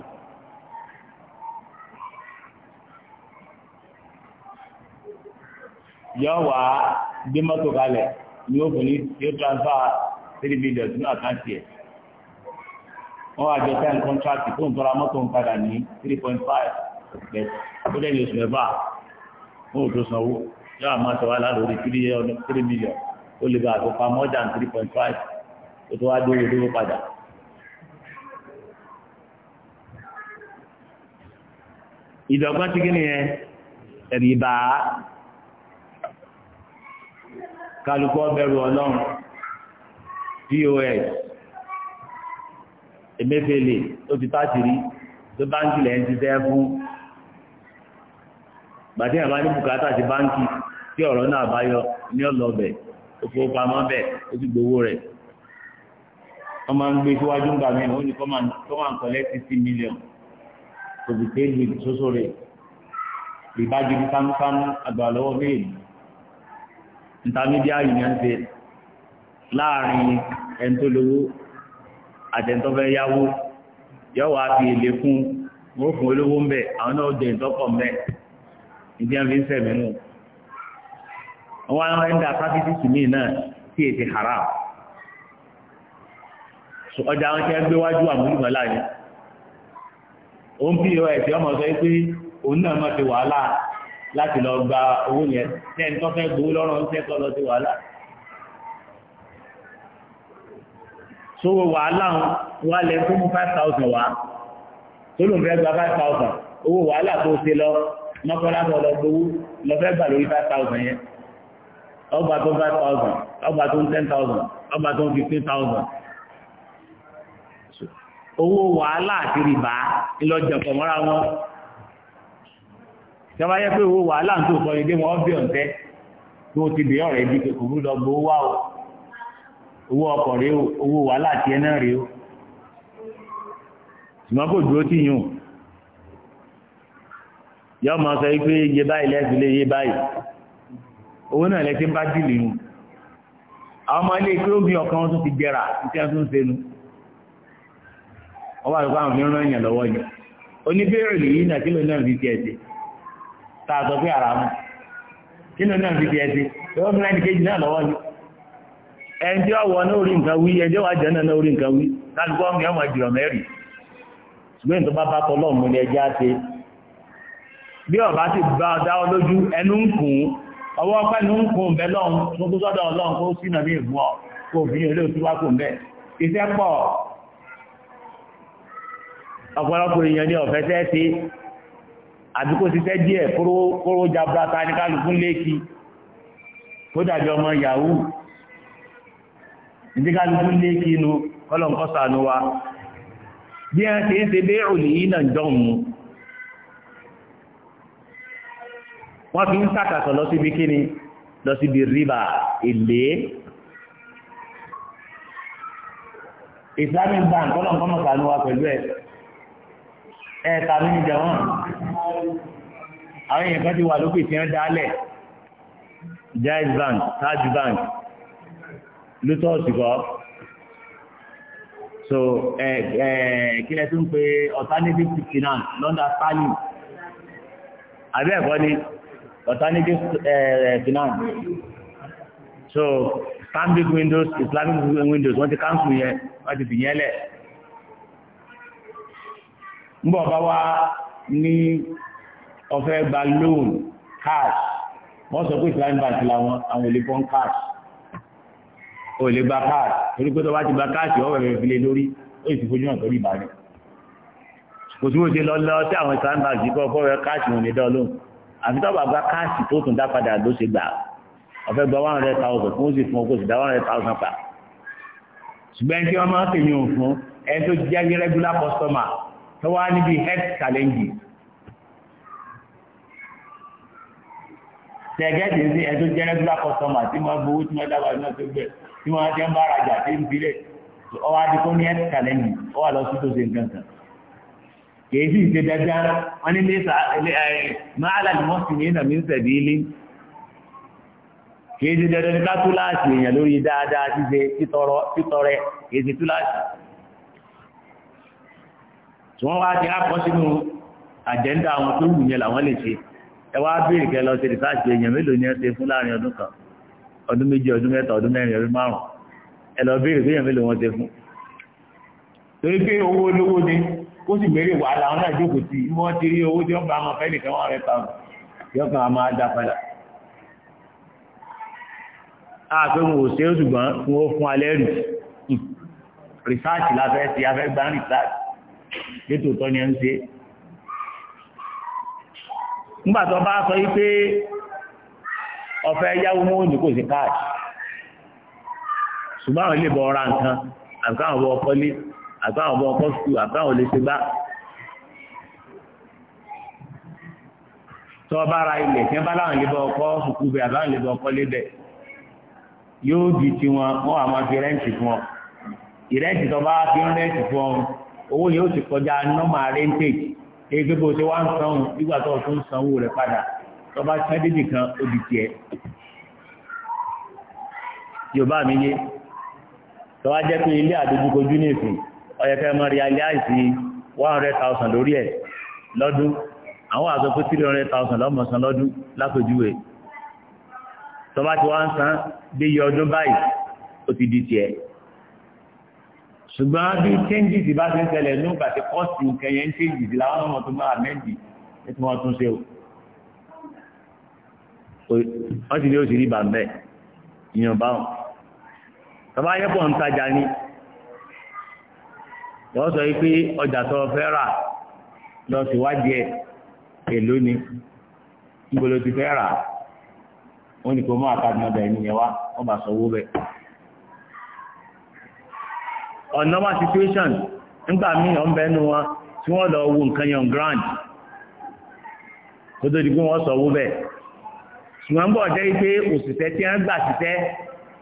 yọ́ wà gbé mọ́tò kalẹ̀ ni ó fún ní yóò transfer three million sínú àkáǹtì ẹ̀ wọ́n wá jẹ time contract tó ń tọ́ra mọ́tò ń padà ní three point five bẹ́ẹ̀ ó dẹ̀ ní oṣù mẹ́fà wọ́n ò sanwó yóò àmọ́ sọ wá lórí three million ó lè bá àtúpa more than three point five ó tó wá dúró dúró padà. ìdọ̀gbọ́n ti gíní yẹn rìbá kálukú ọbẹ̀rù ọlọ́run pos emefele ó ti tá sí rí tó báńkì lẹ́yìn ti tẹ́ fún gbàtí àbá ní bùkátà ti báńkì tí ọ̀rọ̀ náà bá yọ ní ọlọ́bẹ̀ ó fowó pamọ́ bẹ̀ ó ti gbowó rẹ̀ wọ́n máa ń gbé síwájú ńgbà mí ó ní kọ́ máa ń collect sixty million to be paid with social rate ìbájú ní sámúsámú àgbà lọ́wọ́ bẹ́ẹ̀lì intermediary ni a ń ṣe láàrin ẹni tó lówó àtẹ̀ntọ́fẹ́ yáwó yọ́wọ́ á fi èlé fún wọ́n fún olówó ń bẹ̀ àwọn náà jẹ́ ìtọ́kọ̀ mẹ́ẹ̀ ìdí àmì ìsẹ̀mí nù. wọ́n á ń da pàkítísì míì náà tí èsì haram. ọjà wọn kẹ́ gbé wájú àmúlùmọ́lá ni. ó ń pos ọmọ sọ pé òun náà má ti wàhálà láti lọ gba owó yẹn ní ẹni tó fẹ́ gbowó lọ́rùn ń tẹ́kọ̀ọ́ lọ sí wàhálà. sówó wàhálà wọn lẹ fún five thousand wá tó lóun fẹ́ gba five thousand owó wàhálà tó ṣe lọ mọ́kànlá bọ̀ lọ gbowó lọ fẹ́ gbà lórí five thousand yẹn ọgbà tó five thousand ọgbà tó ten thousand ọgbà tó fifteen thousand owó wàhálà àti rìbá ńlọjọ pọ̀ mọ́ra wọn ìjọba yẹ pé owó wàhálà ń tó sọ ìdí wọn bí ọ̀ǹtẹ́ tí ti bèé ọ̀rẹ́ bí kò mú lọ gbowó wá o owó ọkọ̀ rèé o owó wàhálà tiẹ̀ náà rèé o ṣùgbọ́n kò dúró tì yín o yọ ma sọ pé iye báyìí lẹ́sìn lé iye báyìí owó náà lẹ́sìn bá dìlì nù àwọn ọmọ ilé ìpínlẹ̀ obìnrin ọ̀kan wọn tún ti jẹrà tí wọ́n tún ń senu ọba àgbà àwọn mìíràn èèyàn lọ́wọ́ ni oníbẹ̀rẹ̀ lè yí náà kí ló náà fi ti ẹ̀sẹ̀ tá a sọ pé ara mu kí ló náà fi ti ẹ̀sẹ̀ lọ́wọ́ mi láti kejì náà lọ́wọ́ ni ẹni tí wọ́n náà orí nǹkan wí ẹjọ́ wà jẹ́ náà orí nǹkan wí láti gbọ́ ọmọ ìyá ṣùgbọ́n ìtọ́ bá bá tọ́lọ́ bí ọ̀bá ti bá dá ọ lójú ẹnu ń kùn ọwọ́ pẹ́lú ń kùn bẹ́ lọ́hun tó tó sọ́dọ̀ ọlọ́run kó sínà ní ìbú ọ kó fi ilé òtúwá kò mẹ́ iṣẹ́ pọ̀ ọ̀pọ̀lọpọ̀ èèyàn ní ọ̀fẹ́ tẹ́ ṣe àbí kó ṣiṣẹ́ díẹ̀ kóró jabrata ní kálukú léèkì kó dàbí ọmọ yahoo ìdí kálukú léèkì inú kọ́lọ̀ ń kọ́sànú wa bí wọ́n ti ń ṣe bẹ́ẹ̀ òní ìnà jọ̀hún wọ́n fi ń sàkàsọ̀ lọ síbi kíni lọ síbi rìbá èlé islamic bank ọlọ́nkọ́ mọ̀ sàánú wa pẹ̀lú ẹ̀ ẹ̀ẹ̀ta mi ní jẹ̀wọ́n àwọn èèyàn kan ti wà lókè tí wọ́n dálẹ̀ Jaiz bank Taj bank Lotus kọ́ so kí lẹ tún pé alternative finance London Sterling àbẹ́ ẹ̀kọ́ ni alternative uh, finance so Islamic windows Islamic windows wọ́n ti káńsù yẹn wọ́n ti fìyẹn lẹ̀ ń bọ̀ bá wá ní ọ̀fẹ́ gba loan cash wọ́n sọ pé Islamic bank làwọn àwọn olè fọ́n cash olè gba cash torí pé tó bá ti gba cash ọ̀wẹ̀ rẹ̀ fi lé lórí ó sì fojú hàn torí ìbàdàn kò sí bó ṣe lọ lọ sí àwọn Islamic bank yìí kọ́ fọ́wẹ́ cash wọn lè dá lóhùn àfi tó bàbá káàsì tó tún dá padà ló ṣe gbà ọ̀fẹ́ gba one hundred thousand fún òsì fún okòsì dá one hundred thousand pa ṣùgbọ́n ẹni tí wọ́n máa ń tèmi òun fún ẹni tó jẹ́ regular customer tó wá níbi health challenge tẹ̀gẹ́tì ní ẹni tó jẹ́ regular customer tí wọ́n gbowó tí wọ́n dábàá náà tó gbẹ̀ tí wọ́n ti ń bá arajà tí ń bilẹ̀ ọwọ́ adigun ní health challenge ọwọ́ àlọ́ sí tó ṣe nǹkan kan kìí sì ṣe dájá wọn ní lè máa là ní wọ́n sì ní ìnàmí ìṣẹ̀bí ilé kìí ṣe dandan ní ká túláàsì èèyàn lórí dáadáa ṣíṣe títọrẹ kìí ṣe túláàsì tí wọ́n wá ti akọ sínú àjẹ́ńdà àwọn tó wù yẹn làwọn lè ṣe ẹ wá béèrè kẹ lọ sí rìsáàsì èèyàn mélòó ni ẹ ṣe fún láàrin ọdún kan ọdún méjì ọdún mẹ́ta ọdún mẹ́rin ọdún márùn ẹ lọ béèrè béèyàn mélòó wọn ṣe fún torí pé owó olówó ni kó sì gbére wàhálà wọn náà jókòó sí i wọ́n ti rí owó tí wọ́n bá wọn fẹ́ nìkan wọ́n rẹ̀ ta wọn yọkàn á máa dá padà. àpé wọn ò ṣe é ṣùgbọ́n wọn ó fún alẹ́ rù rìsáàtì láfẹ́ sí afẹ́ gbá rìsáàtì létò tọ́ ni ẹ ń ṣe. nígbà tó bá sọ yí pé ọ̀fẹ́ yáwó mọ́ ní kò sí káàdì ṣùgbọ́n àwọn ilé bọ̀ ọ̀ra nǹkan àbíkáwọn bọ̀ ọkọ́lé àbáwọn ọmọ ọkọ sùkúù àbáwọn lè ṣe gbá. tọ́ bá ra ilẹ̀ tí wọ́n bá láwọn lè bọ ọkọ sùkúù bẹ̀ àbáwọn lè bọ ọkọ lébẹ̀ yóò di tiwọn wọn àwọn fi rẹ́ǹtì fún ọ ìrẹ́ǹtì tó bá fi ń rẹ́ǹtì fún ọ owó yóò ti kọjá nọ́mà rẹ́ǹtèjì ebi bó ṣe wá ń sanwó nígbà tó tún sanwó rẹ̀ padà tó bá tẹ́ dédì kan ó di tiẹ̀ yorùbá mi yé tó wá jẹ́ pé ilé àdójúkojú ní ìsìn ọ̀yẹ̀kẹ́ mọ́ realize one hundred thousand lórí ẹ̀ lọ́dún àwọn àzọ pé three hundred thousand lọ́mọ̀sán lọ́dún lápèjúwe tó bá ti wá ń san bí iye ọdún báyìí ó ti di tiẹ̀ ṣùgbọ́n bí changes bá ti ń ṣẹlẹ̀ nígbà tí cost nǹkan yẹn ń changes láwọn o wọ́n ti ní oṣù rí bàbẹ́ ìyàn báwọn tọ́ba lọ́wọ́ sọ pé ọjà tó fẹ́ rà lọ sí wájú ẹ̀ èló ni níbo ló ti fẹ́ rà wọ́n ní kó mọ́ àkàdé ọ̀dà ẹni yẹn wá wọ́n bá sọ owó bẹ́ẹ̀. ọ̀nà situation nígbà míì ọ̀n bẹ́ẹ̀ nu wọn tí wọ́n lọ wo nǹkan yẹn on ground kó tó di pé wọ́n sọ owó bẹ́ẹ̀. ṣùgbọ́n bọ̀ jẹ́ pé òṣìṣẹ́ tí wọ́n gbà ṣiṣẹ́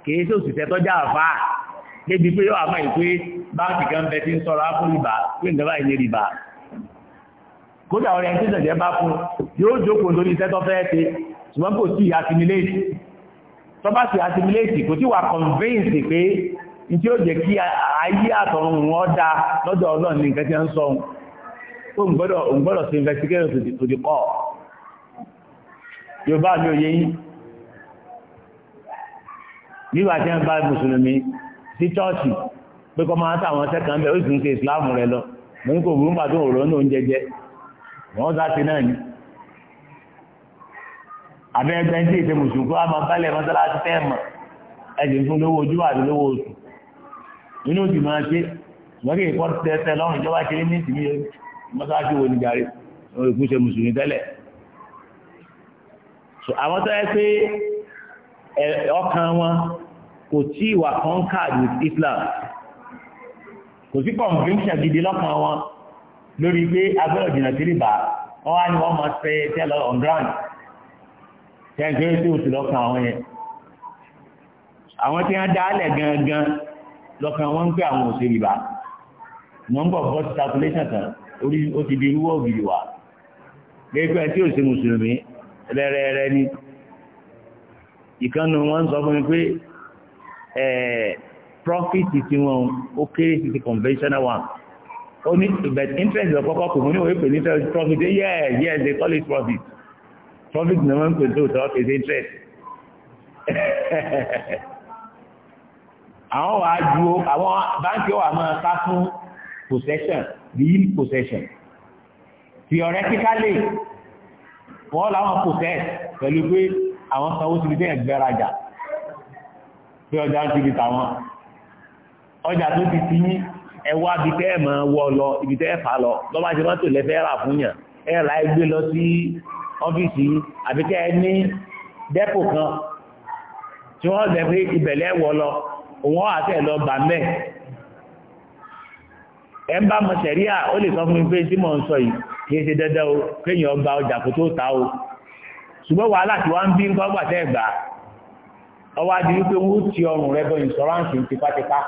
kì í ṣe òṣìṣẹ́ tọ́jà àfà débi pé yóò àmọ́ ìpè báńkì kan bẹ tí ń sọ̀rọ̀ ápùn rìbá pé ìjọba ìní rìbá kódà ọ̀rẹ́ tí ìṣẹ̀jẹ̀ bá fún yóò jókòó lórí iṣẹ́ tó fẹ́ ṣe ṣùgbọ́n kò sí assimilate tó bá sì assimilate kò tí wà convince pé n tí ó jẹ́ kí ayé àtọ̀run wọn dá lọ́dọ̀ ọlọ́run ní nǹkan tí ń sọ òun gbọ́dọ̀ òun gbọ́dọ̀ sí investigation to the core yorùbá mi ò yé yín nígbà tí wọ́n bá mùsùlùmí sí chọ́ọ̀chì pé kọ́ máa táwọn sẹ́kàn bẹ̀ ó sì ń ṣe ìsìláàmù rẹ lọ mo ní kò burú pàtó òrò ní oúnjẹ jẹ wọ́n sá sí náà ni àbẹ́ ẹgbẹ́ ń tí ìṣe mùsùlùmí kó a máa bálẹ̀ mọ́sálásí tẹ́ mọ̀ ẹ̀jẹ̀ fún lówó ojú àti lówó oṣù inú ti máa ṣe ṣùgbọ́n kí ìkọ́ tẹ́tẹ́ lọ́rùn ìjọba ṣe ní ìsìn mi mọ́sálásí wo ni gàrí wọn kò ṣe mùsùlùmí tẹ́lẹ̀ àwọn tó yẹ pé ọkàn wọn kò tí ìwà kan káàdì Islam kò sí kọ̀m̀pínṣà gidi lọ́kàn wọn lórí pé agbẹ́rọ̀ jìnà sí rìbá wọ́n wá ní wọ́n máa fẹ́ tẹ́lọ on ground tẹ́ǹkẹ́ tí ó sì lọ́kàn àwọn yẹn àwọn tí wọ́n dálẹ̀ gangan lọ́kàn wọn ń pẹ́ àwọn òsè rìbá wọ́n ń bọ̀ bọ́ sí calculation kan orí ó ti di irúwọ́ ògiri wa gẹ́gẹ́ tí ó sì mùsùlùmí rẹ́rẹ́rẹ́ ni ìkànnì wọn sọ fún mi pé ẹ̀ẹ́ profit ti wọn ó kéré sí ti conventional one ó ní but interest ọ̀kọ́kọ́ kò mú ní òwe pè ní profit yes yes they call it profit profit ni wọ́n ń pè tó tọ́ kéde interest àwọn wàá ju àwọn báńkì wà máa ká fún possession real possession theoretically wọ́n láwọn possess pẹ̀lú pé àwọn sanwó ti di tẹ́yẹ̀ gbẹ́rajà pé ọjà ń ti di tàwọn ọjà tó ti ti yín ẹwà bí tẹ́ ẹ̀ máa wọ lọ ibi tẹ́ ẹ̀ fà lọ lọ́ba ṣe mọ́tò lẹ́fẹ́ rà fún yàn ẹ̀ ra ẹ gbé lọ sí ọ́fíìsì àbí tẹ́ ẹ ní dẹ́pò kan tí wọ́n lẹ́ pé ìbẹ̀lẹ̀ wọ lọ òun àtẹ̀ lọ bà mẹ́ ẹ ń bá mọ sẹ̀ríà ó lè sọ fún mi pé tí mò ń sọ yìí kì í ṣe dandan o kéèyàn gba ọjà kó tó ta o ṣùgbọ́n wàhálà tí wọ́n ń bí nǹkan gbà tẹ́ gbà ọwọ́ adi wípé wọ́n ti ọrùn rẹ bọ ìṣọ́ráǹsì tipátipá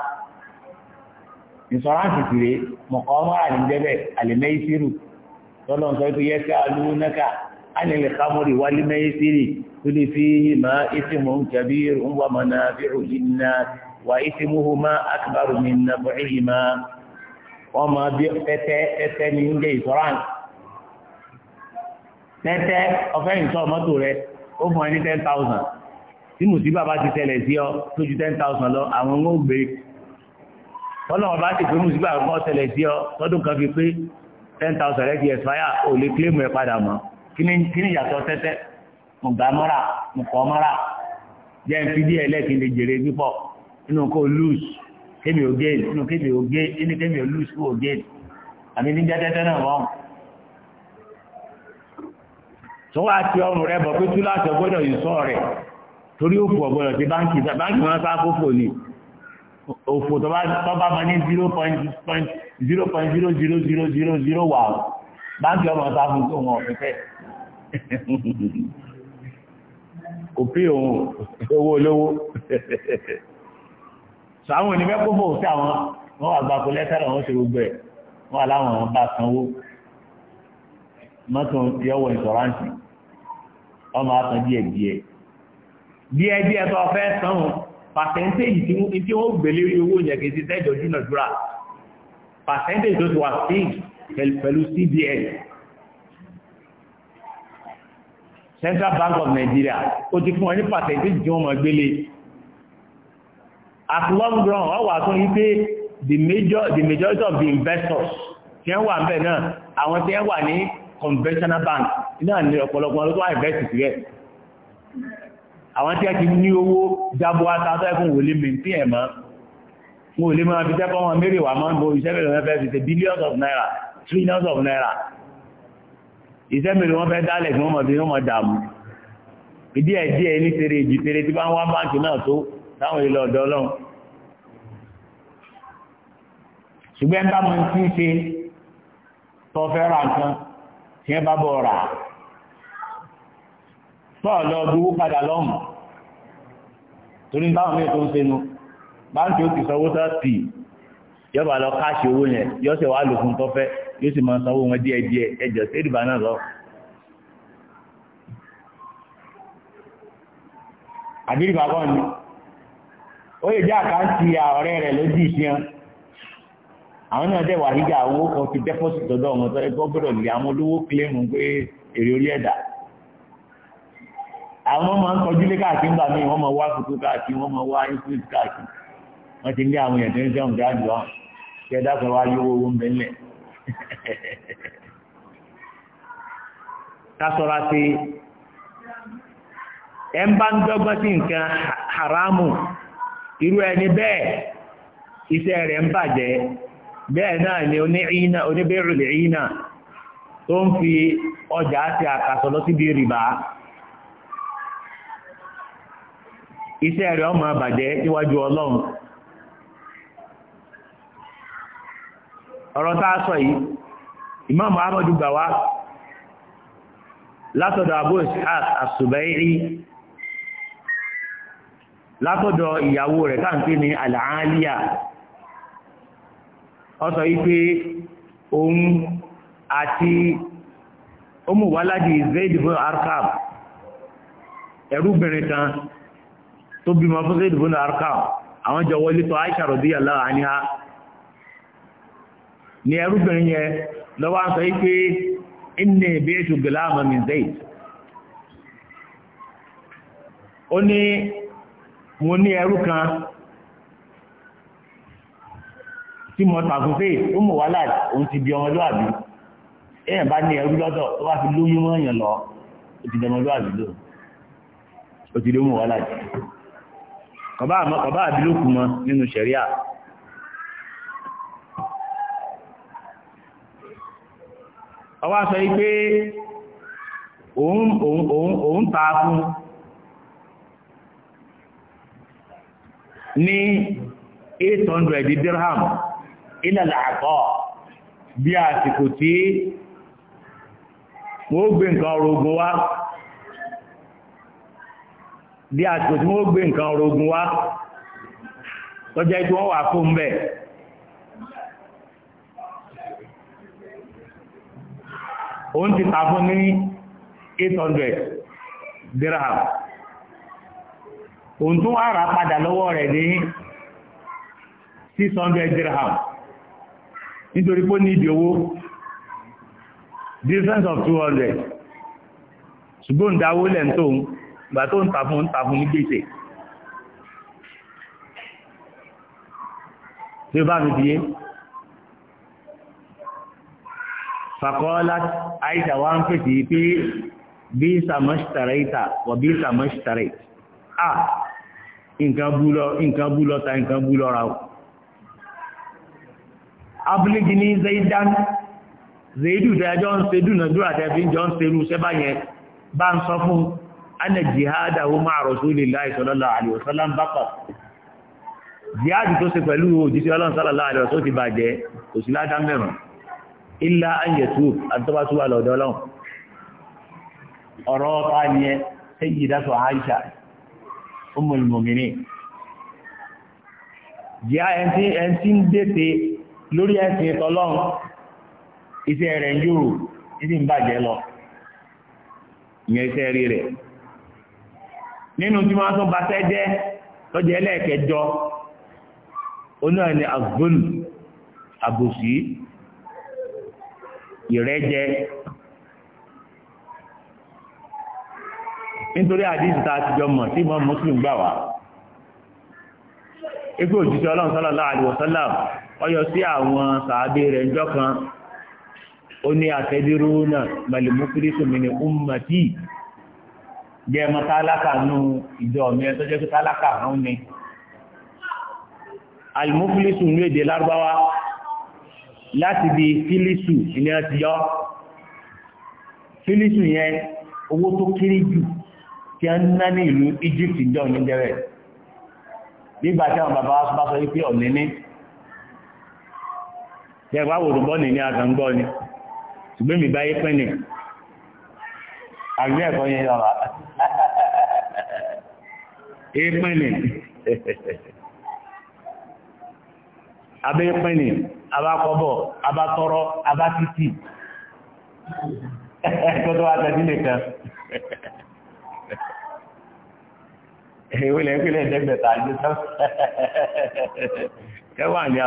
ìsọ̀ráǹsì sì rèé mọ̀kànmọ́ àníjẹ́bẹ̀ àlẹ́mẹ́yìsírù tọ́lọ́ sọ pé yẹ́sí alúnáka ánìlẹ̀ kámúrì wálé mẹ́yìsírì tó lè fi mà ìsìmù kẹbí ńwà mọ̀nà fíhù ìnà wà ìsìmù hùmá akbaru mi nà bọ̀ẹ́yì má wọ́n máa bí tẹ́tẹ́ tẹ́tẹ́ ní ilé ìsọ̀ráǹsì tẹ́tẹ́ ọ̀fẹ́ ìsọ̀ mọ́tò rẹ ó fún ẹ ten thousand tí mùsíbà bá ti tẹ̀lẹ̀ sí ọ tó ju ten thousand lọ àwọn ń gbé ọlọ́wọ́n bá ti pé mùsùlùmí àwọn ọmọ tẹ̀lẹ̀ sí ọ lọ́dún kan fi pé ten thousand rẹ̀ ti expire ò lè claim ẹ̀ padà mọ́ kí ni ìyàtọ̀ tẹ́tẹ́ mo gbà mọ́ra mo kọ́ mọ́ra jẹ́ n fi díẹ̀ lẹ́ẹ̀kìn lè jèrè pípọ̀ inú kó lose kémi ò gain inú kémi ò gain inú kémi ò lose kó ò gain àmì ní jẹ́tẹ́tẹ́ náà wọ́n. tó wá ti ọrùn rẹ bọ̀ pé túláṣọ gbọ́dọ̀ yìí sọ rẹ̀ torí ó fò ọ̀gbọ́dọ̀ ti báńkì báńkì wọn sáà fófò ni òfò tọ́bá mọ́ ní 0.000000 wà báńkì ọmọ ọ̀tá fún tó wọn ọ̀fẹ́fẹ́ kò pé òun owó olówó sọ àwọn ènìyàn kó fòó sí àwọn wọ́n wà gbapò lẹ́tẹ̀rẹ̀ wọ́n ṣe gbogbo ẹ̀ wọ́n aláwọn bá sanwó mọ́tò yọwọ́ ìsọ̀ráǹsì ọmọ àtàn díẹ̀ díẹ̀ díẹ̀ díẹ̀ tó fẹ́ sanwó pàṣẹ́ntéjì tí wọ́n gbèlé owó yẹn kìí ti tẹ́jọ júnàjúra pàṣẹ́ntéjì tó ti wà sí pẹ̀lú CBN Central Bank of Nigeria ó ti fún ọ ní pàṣẹ́ntéjì tí wọ́n mọ̀ gbélé at long run wọ́n wà tún yí pé the major the majority of the investors tí wọ́n wà ń bẹ̀ náà àwọn tí wọ́n wà ní conventional bank náà ní ọ̀pọ̀lọpọ̀ ọdún tó wà àwọn tí a ti ní owó jábọ́ àtàtà ẹkùn wòlé mẹ́ntí ẹ̀mọ́ wọ́n lè máa fi tẹ́kọ́ wọn mẹ́rẹ̀ wà máa ń bo iṣẹ́ mẹ́rin wọ́n fẹ́ fi ṣe billions of naira trillions of naira iṣẹ́ mẹ́rin wọ́n fẹ́ dálẹ̀ tí wọ́n mọ̀ sí wọ́n mọ̀ dààmú ìdí ẹ̀ díẹ̀ ní tere ìjì tere tí bá ń wá báńkì náà tó táwọn ilẹ̀ ọ̀dọ́ ọlọ́run ṣùgbọ́n bá mo ti ṣe tọ́fẹ́ ra nǹkan tí ẹ bá bọ̀ rà á tọ́ọ̀lọ́ gbówó padà lọ́hùn torí báwọn mí tó ń senu báńkì ó ti sanwó sáàtì yọba lọ káàṣì owó yẹn yọ sì wá lò fún tọ́fẹ́ yóò sì máa sanwó wọn díẹ̀ díẹ̀ ẹjọ́ sí ìdìbà náà lọ àbíríbà kọ́ ni ó lè jẹ́ àkáǹtì ọ̀rẹ́ rẹ̀ lójú ìṣẹ́yàn àwọn náà dẹ̀ wà owó kan ti dẹ́pọ̀sì tọ́dọ̀ ọmọ tó àwọn máa ń kọjúlé káàkiri gbà mí wọ́n máa wá kùtù káàkiri wọ́n máa wá insulet káàkiri wọ́n ti ń gé àwọn èèyàn ń sẹ́wọ̀n jáde wá ẹ dákọ̀ wá owó ń bẹ nílẹ̀. sí ẹ ń bá haramu irú ẹni bẹ́ẹ̀ iṣẹ́ rẹ̀ ń bàjẹ́ bẹ́ẹ̀ náà ni oníbẹ̀rù lè ọjà àti lọ síbi iṣẹ́ rẹ̀ ọmọ àbàjẹ́ níwájú ọlọ́run ọ̀rọ̀ tá a sọ yìí ìmáàmù ahmadu gbà wá látọ̀dọ̀ abu ishaq as-subayri látọ̀dọ̀ ìyàwó rẹ̀ káàkiri ní àlàáníyà ó sọ yìí pé òun àti ọmọ wàládìí zayd bin arkab ẹrúbìnrin kan tó bímọ fún Zaid ibn Arqam àwọn jọ wọlé tọ̀ Aisha radiyallahu anha ni ẹrúbìnrin yẹn lọ́wọ́ sọ pé inni bi'tu gulama min Zaid ó ní mo ní ẹrú kan tí mo tàkùn pé ó mọ̀ wá láì òun ti bí ọmọlúwàbí èèyàn bá ní ẹrú lọ́dọ̀ tó bá fi lóyún mọ́ èèyàn lọ ó ti dẹmọlúwàbí lò ó ti lóyún mọ̀ wá láì kọba àbílòkù mọ́ nínú ṣẹ̀ríà ọwá sọ wípé òun ta fún ní 800 dirham ilẹ̀ àkọ́ bí àsìkò tí wọ́n gbé nǹkan ọrọ̀ ogun wá bí àtò tí wọ́n gbé nǹkan orogun wá tọ́jẹ́ tí wọ́n wà fún o òun ti ta fún ní 800 dirham òun tún ara padà lọ́wọ́ rẹ̀ ní 600 dirham nítorí pé ní ìdí owó difference of 200 ṣùgbọ́n dáwó lẹ́ntòun ìgbà tó ń ta fún ń ta fún ní gbèsè tí ó bá mi díye fàkọ́ọ́lá àìsà wá ń pèsè pé bí sàmọ́ṣtàrẹ́ta wà bí sàmọ́ṣtàrẹ́ à nǹkan bú lọ́ta nǹkan bú lọ́ra ọ̀ ní zaidan zaidu tẹ́jọ́ ń ṣe dúnàdúrà tẹ́fí jọ ń ṣerú sẹ́bá yẹn bá ń sọ fún ana na ma'a rasulillahi sallallahu alaihi wasallam baqat jihad tó ṣe pẹ̀lú òjíṣẹ́ Ọlọ́run sallallahu alaihi wasallam ti bàjẹ́ kò sí ládá mẹ́rin illa an yatub àtọ́bá tó wà lọ́dọ̀ Ọlọ́run ọ̀rọ̀ ọ̀pá ni ẹ sayyidatu Aisha ummul mu'minin jihad ẹn tí ń dètè lórí ẹ̀sìn tọ́lọ́run iṣẹ́ nínú tí wọ́n tún basẹ́ jẹ́ lọ́jọ́ ẹlẹ́ẹ̀kẹjọ oní ẹni agbónú àbòsí ìrẹ́jẹ nítorí àdíjì tá a ti jọ mọ̀ tí mọ́ Muslim gbà wá ikú òjìṣẹ́ ọlọ́run sallallahu alaihi wasallam ọyọ sí àwọn sàábé rẹ̀ ń jọ́kan ó ní àtẹ́dírú náà màlìmúkúrísùn mi ní ummati jẹ́mọ́ tálákà nú ìjọ mi ẹ tó jẹ́ pé tálákà rán ni alimufilisu ní èdè lárúbáwá láti di filisu ilé ti yọ filisu yẹn owó tó kéré jù tí a ń ná ní ìlú Egypt jọ ní jẹ́rẹ̀ nígbà tí àwọn bàbá bá sọ wípé ọ̀nẹ́ ní jẹ́ ìwáwòrán bọ́ọ̀nì ní àgbọ̀ngbọ́ ni ṣùgbọ́n mi báyé pẹ́ nìkan àbí ẹ̀kọ́ yẹn yọ̀rọ̀ ìpínlẹ̀ abẹ́ ìpínlẹ̀ abákọ́bọ̀ abátọ́rọ́ abátítì ẹ̀kọ́tọ́ àtàdílẹ̀ kan ìwílẹ̀ ìpínlẹ̀ ẹ̀dẹ́gbẹ̀ta àjẹ́sọ́ ẹwà ní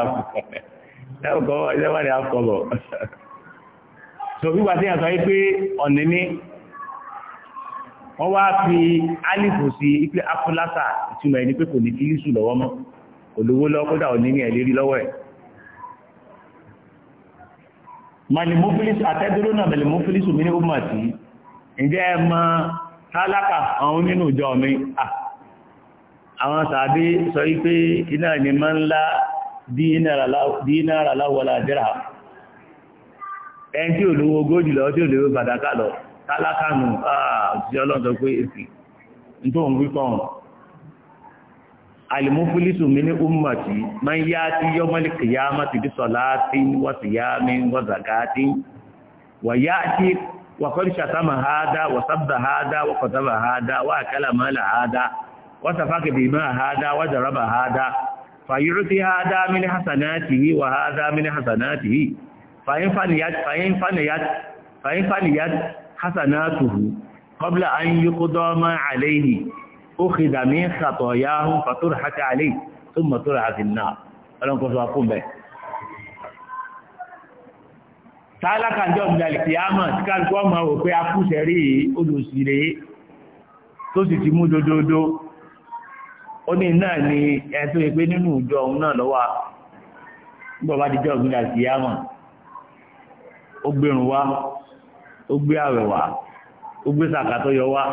àkọ́bọ̀ so wíwà tí a sọ wípé ọ̀nìní wọ́n wá fi alifu sí ipe afúlásà ìtumọ̀ ẹni pé kò ní kílísù lọ́wọ́ mọ́ olówó lọ́wọ́ kódà òní ní ẹ̀lérí lọ́wọ́ ẹ̀ malimofilisu atẹ́dúró náà malimofilisu mi ní ó mọ̀ sí ǹjẹ́ ẹ mọ tálákà àwọn nínú ìjọ mi àwọn sàbí sọ wípé iná ni máa ń lá dínàrà láwọ́lá dírà ẹni tí olówó ogójì lọ tí olówó bàdákà lọ tálákànù ààbùsẹ̀ ọlọ́dọ̀ pé èsì nítorí wípọ̀ alimufilisu mi ní ummati máa ń yá sí yọmọlì kìyàmá ti di sọláàtì wọ́sìyàmí wọ́sàkáàtì wàyá àti wàkọ́rí ṣàtàmà háàdá wàsábà háàdá wàkọ̀tàbà háàdá wàkálà mọ́là háàdá wàsàfákì bìmá háàdá wàjàràbà háàdá fàyírútí háàdá mini hasanáàtìhí wà háàdá mini hasanáàtìhí fàyínfàníyàt hasanatuhu qabla an yuqda ma alayhi ukhidha min khatayahu faturhat alayhi thumma turhat an-nar ọlọ́run kò sọ fún bẹ́ẹ̀ tálákà ń jọ ìdàlẹ̀ kìámà tí káàkiri ọmọ wò pé a kú sẹ́rí olùsìrè tó ti mú dododo ó ní náà ni ẹ̀tọ́ ìpé nínú ìjọ òun náà lọ́wọ́ nígbà bá ti jọ ìdàlẹ̀ kìámà ó gbèrún wá ó gbé àwẹ̀ wá ó gbé sàkàtọ̀ yọ wá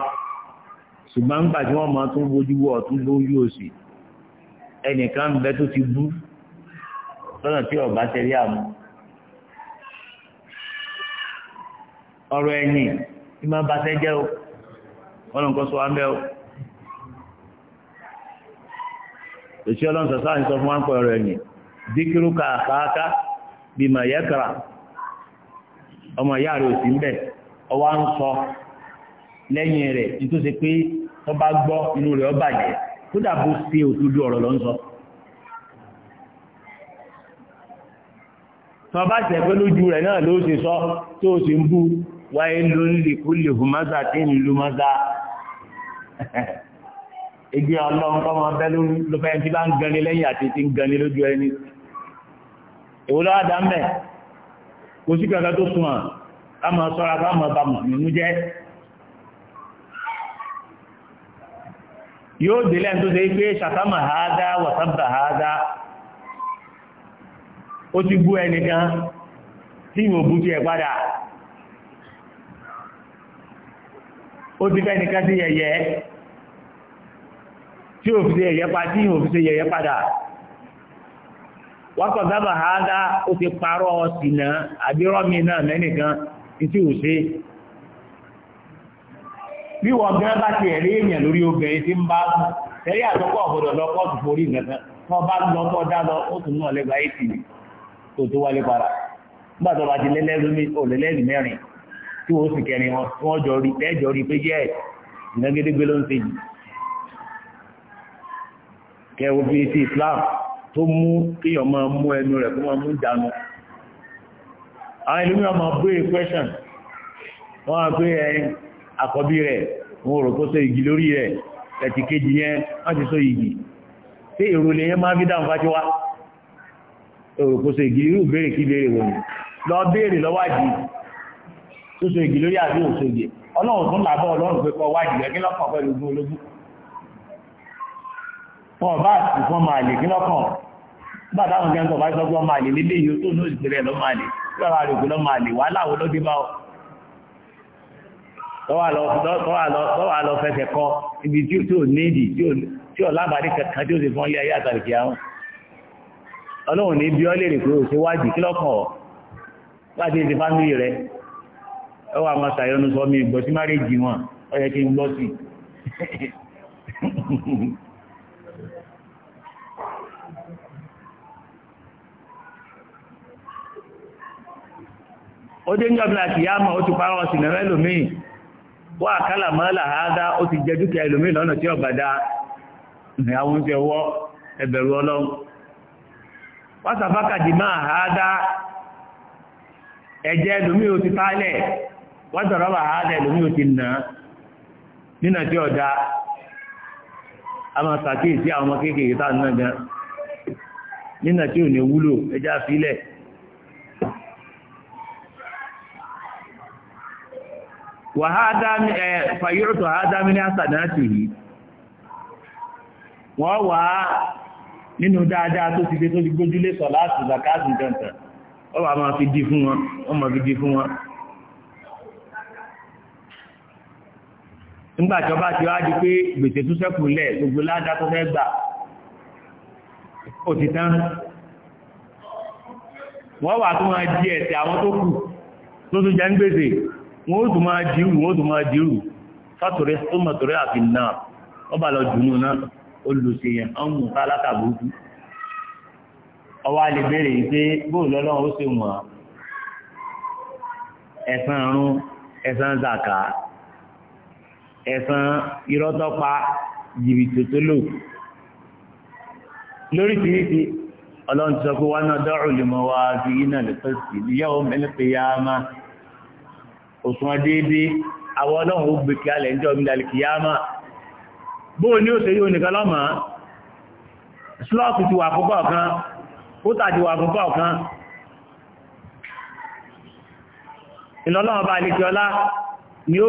ṣùgbọ́n nígbà tí wọ́n máa tún bójú wọ̀ tún bójú òsì ẹnìkan bẹ tó ti bú lọ́nà tí ọba àmú ọ̀rọ̀ ẹ̀yìn tí máa bá ṣẹ́ jẹ́ o ọ̀nà nǹkan sọ o òṣìṣẹ́ ọlọ́run sọ fún ọmọ ìyá rẹ̀ ò sí ń bẹ̀ ọwá ń sọ lẹ́yìn rẹ̀ nítorí pé tó bá gbọ́ inú rẹ̀ ó bàjẹ́ kódà bó ṣe òtújú ọ̀rọ̀ ló ń sọ. tó bá ṣẹ̀ pé lójú rẹ̀ náà ló ṣe sọ tó o sì ń bú wáyé ló ń lè kó lè hùn mọ́sá tí ń lu mọ́sá. Igi ọlọ́run kọ́ máa bẹ́ ló fẹ́ tí bá ń gani lẹ́yìn àti ti ń gani lójú ẹni. Èwo kò sí kàkà tó sùn hàn a máa sọ́ra bá máa ba mùsùlùmí jẹ́ yóò délẹ̀ tó ṣe pé ṣàtàmà àádá wàtàbà àádá ó ti bú ẹnìkan tí ìwò bú ti ẹ̀ padà ó ti fẹ́ ẹnìkan sí yẹ̀yẹ́ tí ò fi ṣe yẹ̀yẹ́ padà wákọ̀ sábà hádá ó ti parọ́ sínà àbírọ́mì náà mẹ́nìkan títí ò ṣe bí wọ́n gẹ́ bá ti ẹ̀rí èèyàn lórí obìnrin tí ń bá tẹ́rí àtọ́kọ̀ ọ̀bọ̀dọ̀ lọ kọ́ọ̀tù forí nǹkan wọ́n bá lọ kọ́ dá lọ ó tún náà lẹ́gbàá ètì tó tó wálé para nígbà tó bá ti lẹ́lẹ́rú mẹ́rin tí wọ́n sì kẹrin wọn tí wọ́n jọ rí tẹ́jọ rí pé jẹ́ ìnagédégbé ló ń ṣe yìí kẹwọ́ bí ti Islam tó mú kíyàn ẹnu rẹ̀ kó máa mú ìdánu àwọn ìlú mìíràn máa bú question wọ́n á gbé ẹyin àkọ́bí rẹ̀ rò igi lórí rẹ̀ ẹ̀tì kejì yẹn wọ́n ti so igi tí èrò lè yẹn máa dáhùn fájú wá èrò irú kí wọ̀nyí lọ tó lórí àbí ọlọ́run wọn bá sì fún ọmọ àlè kí lọ́kàn nígbà táwọn jẹun tó bá sọ pé ọmọ àlè nílé yìí tó ní òṣìṣẹ́ lọ́mọ àlè lọ́wọ́ àlòkù lọ́mọ àlè wà láwo ló dé bá ọ. tọ́wà lọ fẹsẹ̀ kọ ibi tí ò ní ìdí tí ò lábàárí kankan tí ó sì fún ilé ayé àtàlùkì àwọn. ọlọ́run ní bí ọ lè rè pé òṣè wájì kí lọ́kàn ọ láti ṣe fámìlì rẹ ọwọ́ àwọn sàyọ́nu sọ mi ìgbọ́sí má ó dé ní ọ̀bìnà àti yáàmà ó ti parọ́ ọ̀sìn náà ẹlòmíì wọ́n àkálà mọ́lá àádá ó ti jẹ dúkìá ẹlòmíì lọ́nà tí ọ̀bàdá ìyàwó ń tẹ wọ́ ẹbẹ̀rù ọlọ́run wátàfákàdì máa àádá ẹ̀jẹ̀ ẹlòmíì ó ti pálẹ̀ wátàrọ́bà àádá ẹlòmíì ó ti nà nínà tí ọ̀dá a máa sàkíyèsí àwọn ọmọ kéékèèké táà nínà tí ò ní wúlò ẹjá fílẹ̀ fàyíòtò àádámi ní àsàdáàtì yìí wọ́n wà nínú dáadáa tó ti dé tó ti gbójúlé sọ láti zakazin jọntà wọ́n wà máa fi dí fún wọn wọ́n máa fi dí fún wọn nígbàjọba ti wá di pé gbèsè tó sẹ́kù lẹ̀ gbogbo ládá tó fẹ́ gbà ó ti tán wọ́n wà tó máa di ẹ̀sẹ̀ àwọn tó kù tó tún jẹ́ ń gbèsè wọ́n ó tún máa dìrù wọ́n ó tún máa dìrù sátòrẹ́ tó mọ̀ tòrẹ́ àfi náà wọ́n bá lọ dùnú náà olùsè yẹn wọ́n mú ká látàbùkù ọwọ́ a lè béèrè yìí pé bóòlù ọlọ́run ó ṣe wọ̀n ẹ̀san ọ̀run ẹ̀san zàkà ẹ̀san irọ́tọ́pa jìbìtì tó lò lórí tìrìtì ọlọ́run ti sọ pé wọn náà dọ́rùn lè mọ wá sí iná lè pèsè ìyá òun ẹlẹ́pẹ̀yà máa òṣùwọ̀n déédé àwọn ọlọ́run ó gbé kí alẹ̀ ìjọ ìmìlẹ̀ kìyàmà bó ní ó ṣe yóò nìkan lọ́mọ̀ slọ́ọ̀tù ti wà púpọ̀ kan kótà ti wà púpọ̀ kan ìlọ́lọ́run bá lè kí ọlá ni ó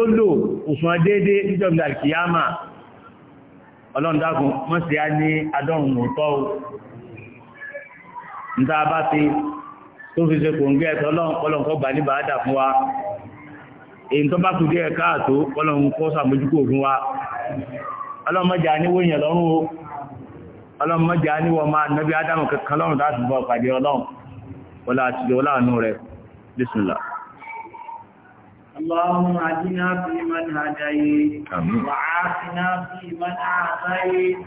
ti tó fi ṣe kò ń gẹ́ ẹ̀tọ́ ọlọ́run gbà ní bàádà fún wa èyí tó bá kùdí ẹ̀ká àtó ọlọ́run kọ́ sàmójúkò fún wa ọlọ́mọjà níwò yẹn lọ́rùn o ọlọ́mọjà níwọ̀ máa nọ́bí ádámù kankan lọ́rùn láti bọ́ pàdé ọlọ́run wọlá àtijọ́ láàánú rẹ̀ bísùnlá اللهم اهدنا فيمن هديت وعافنا فيمن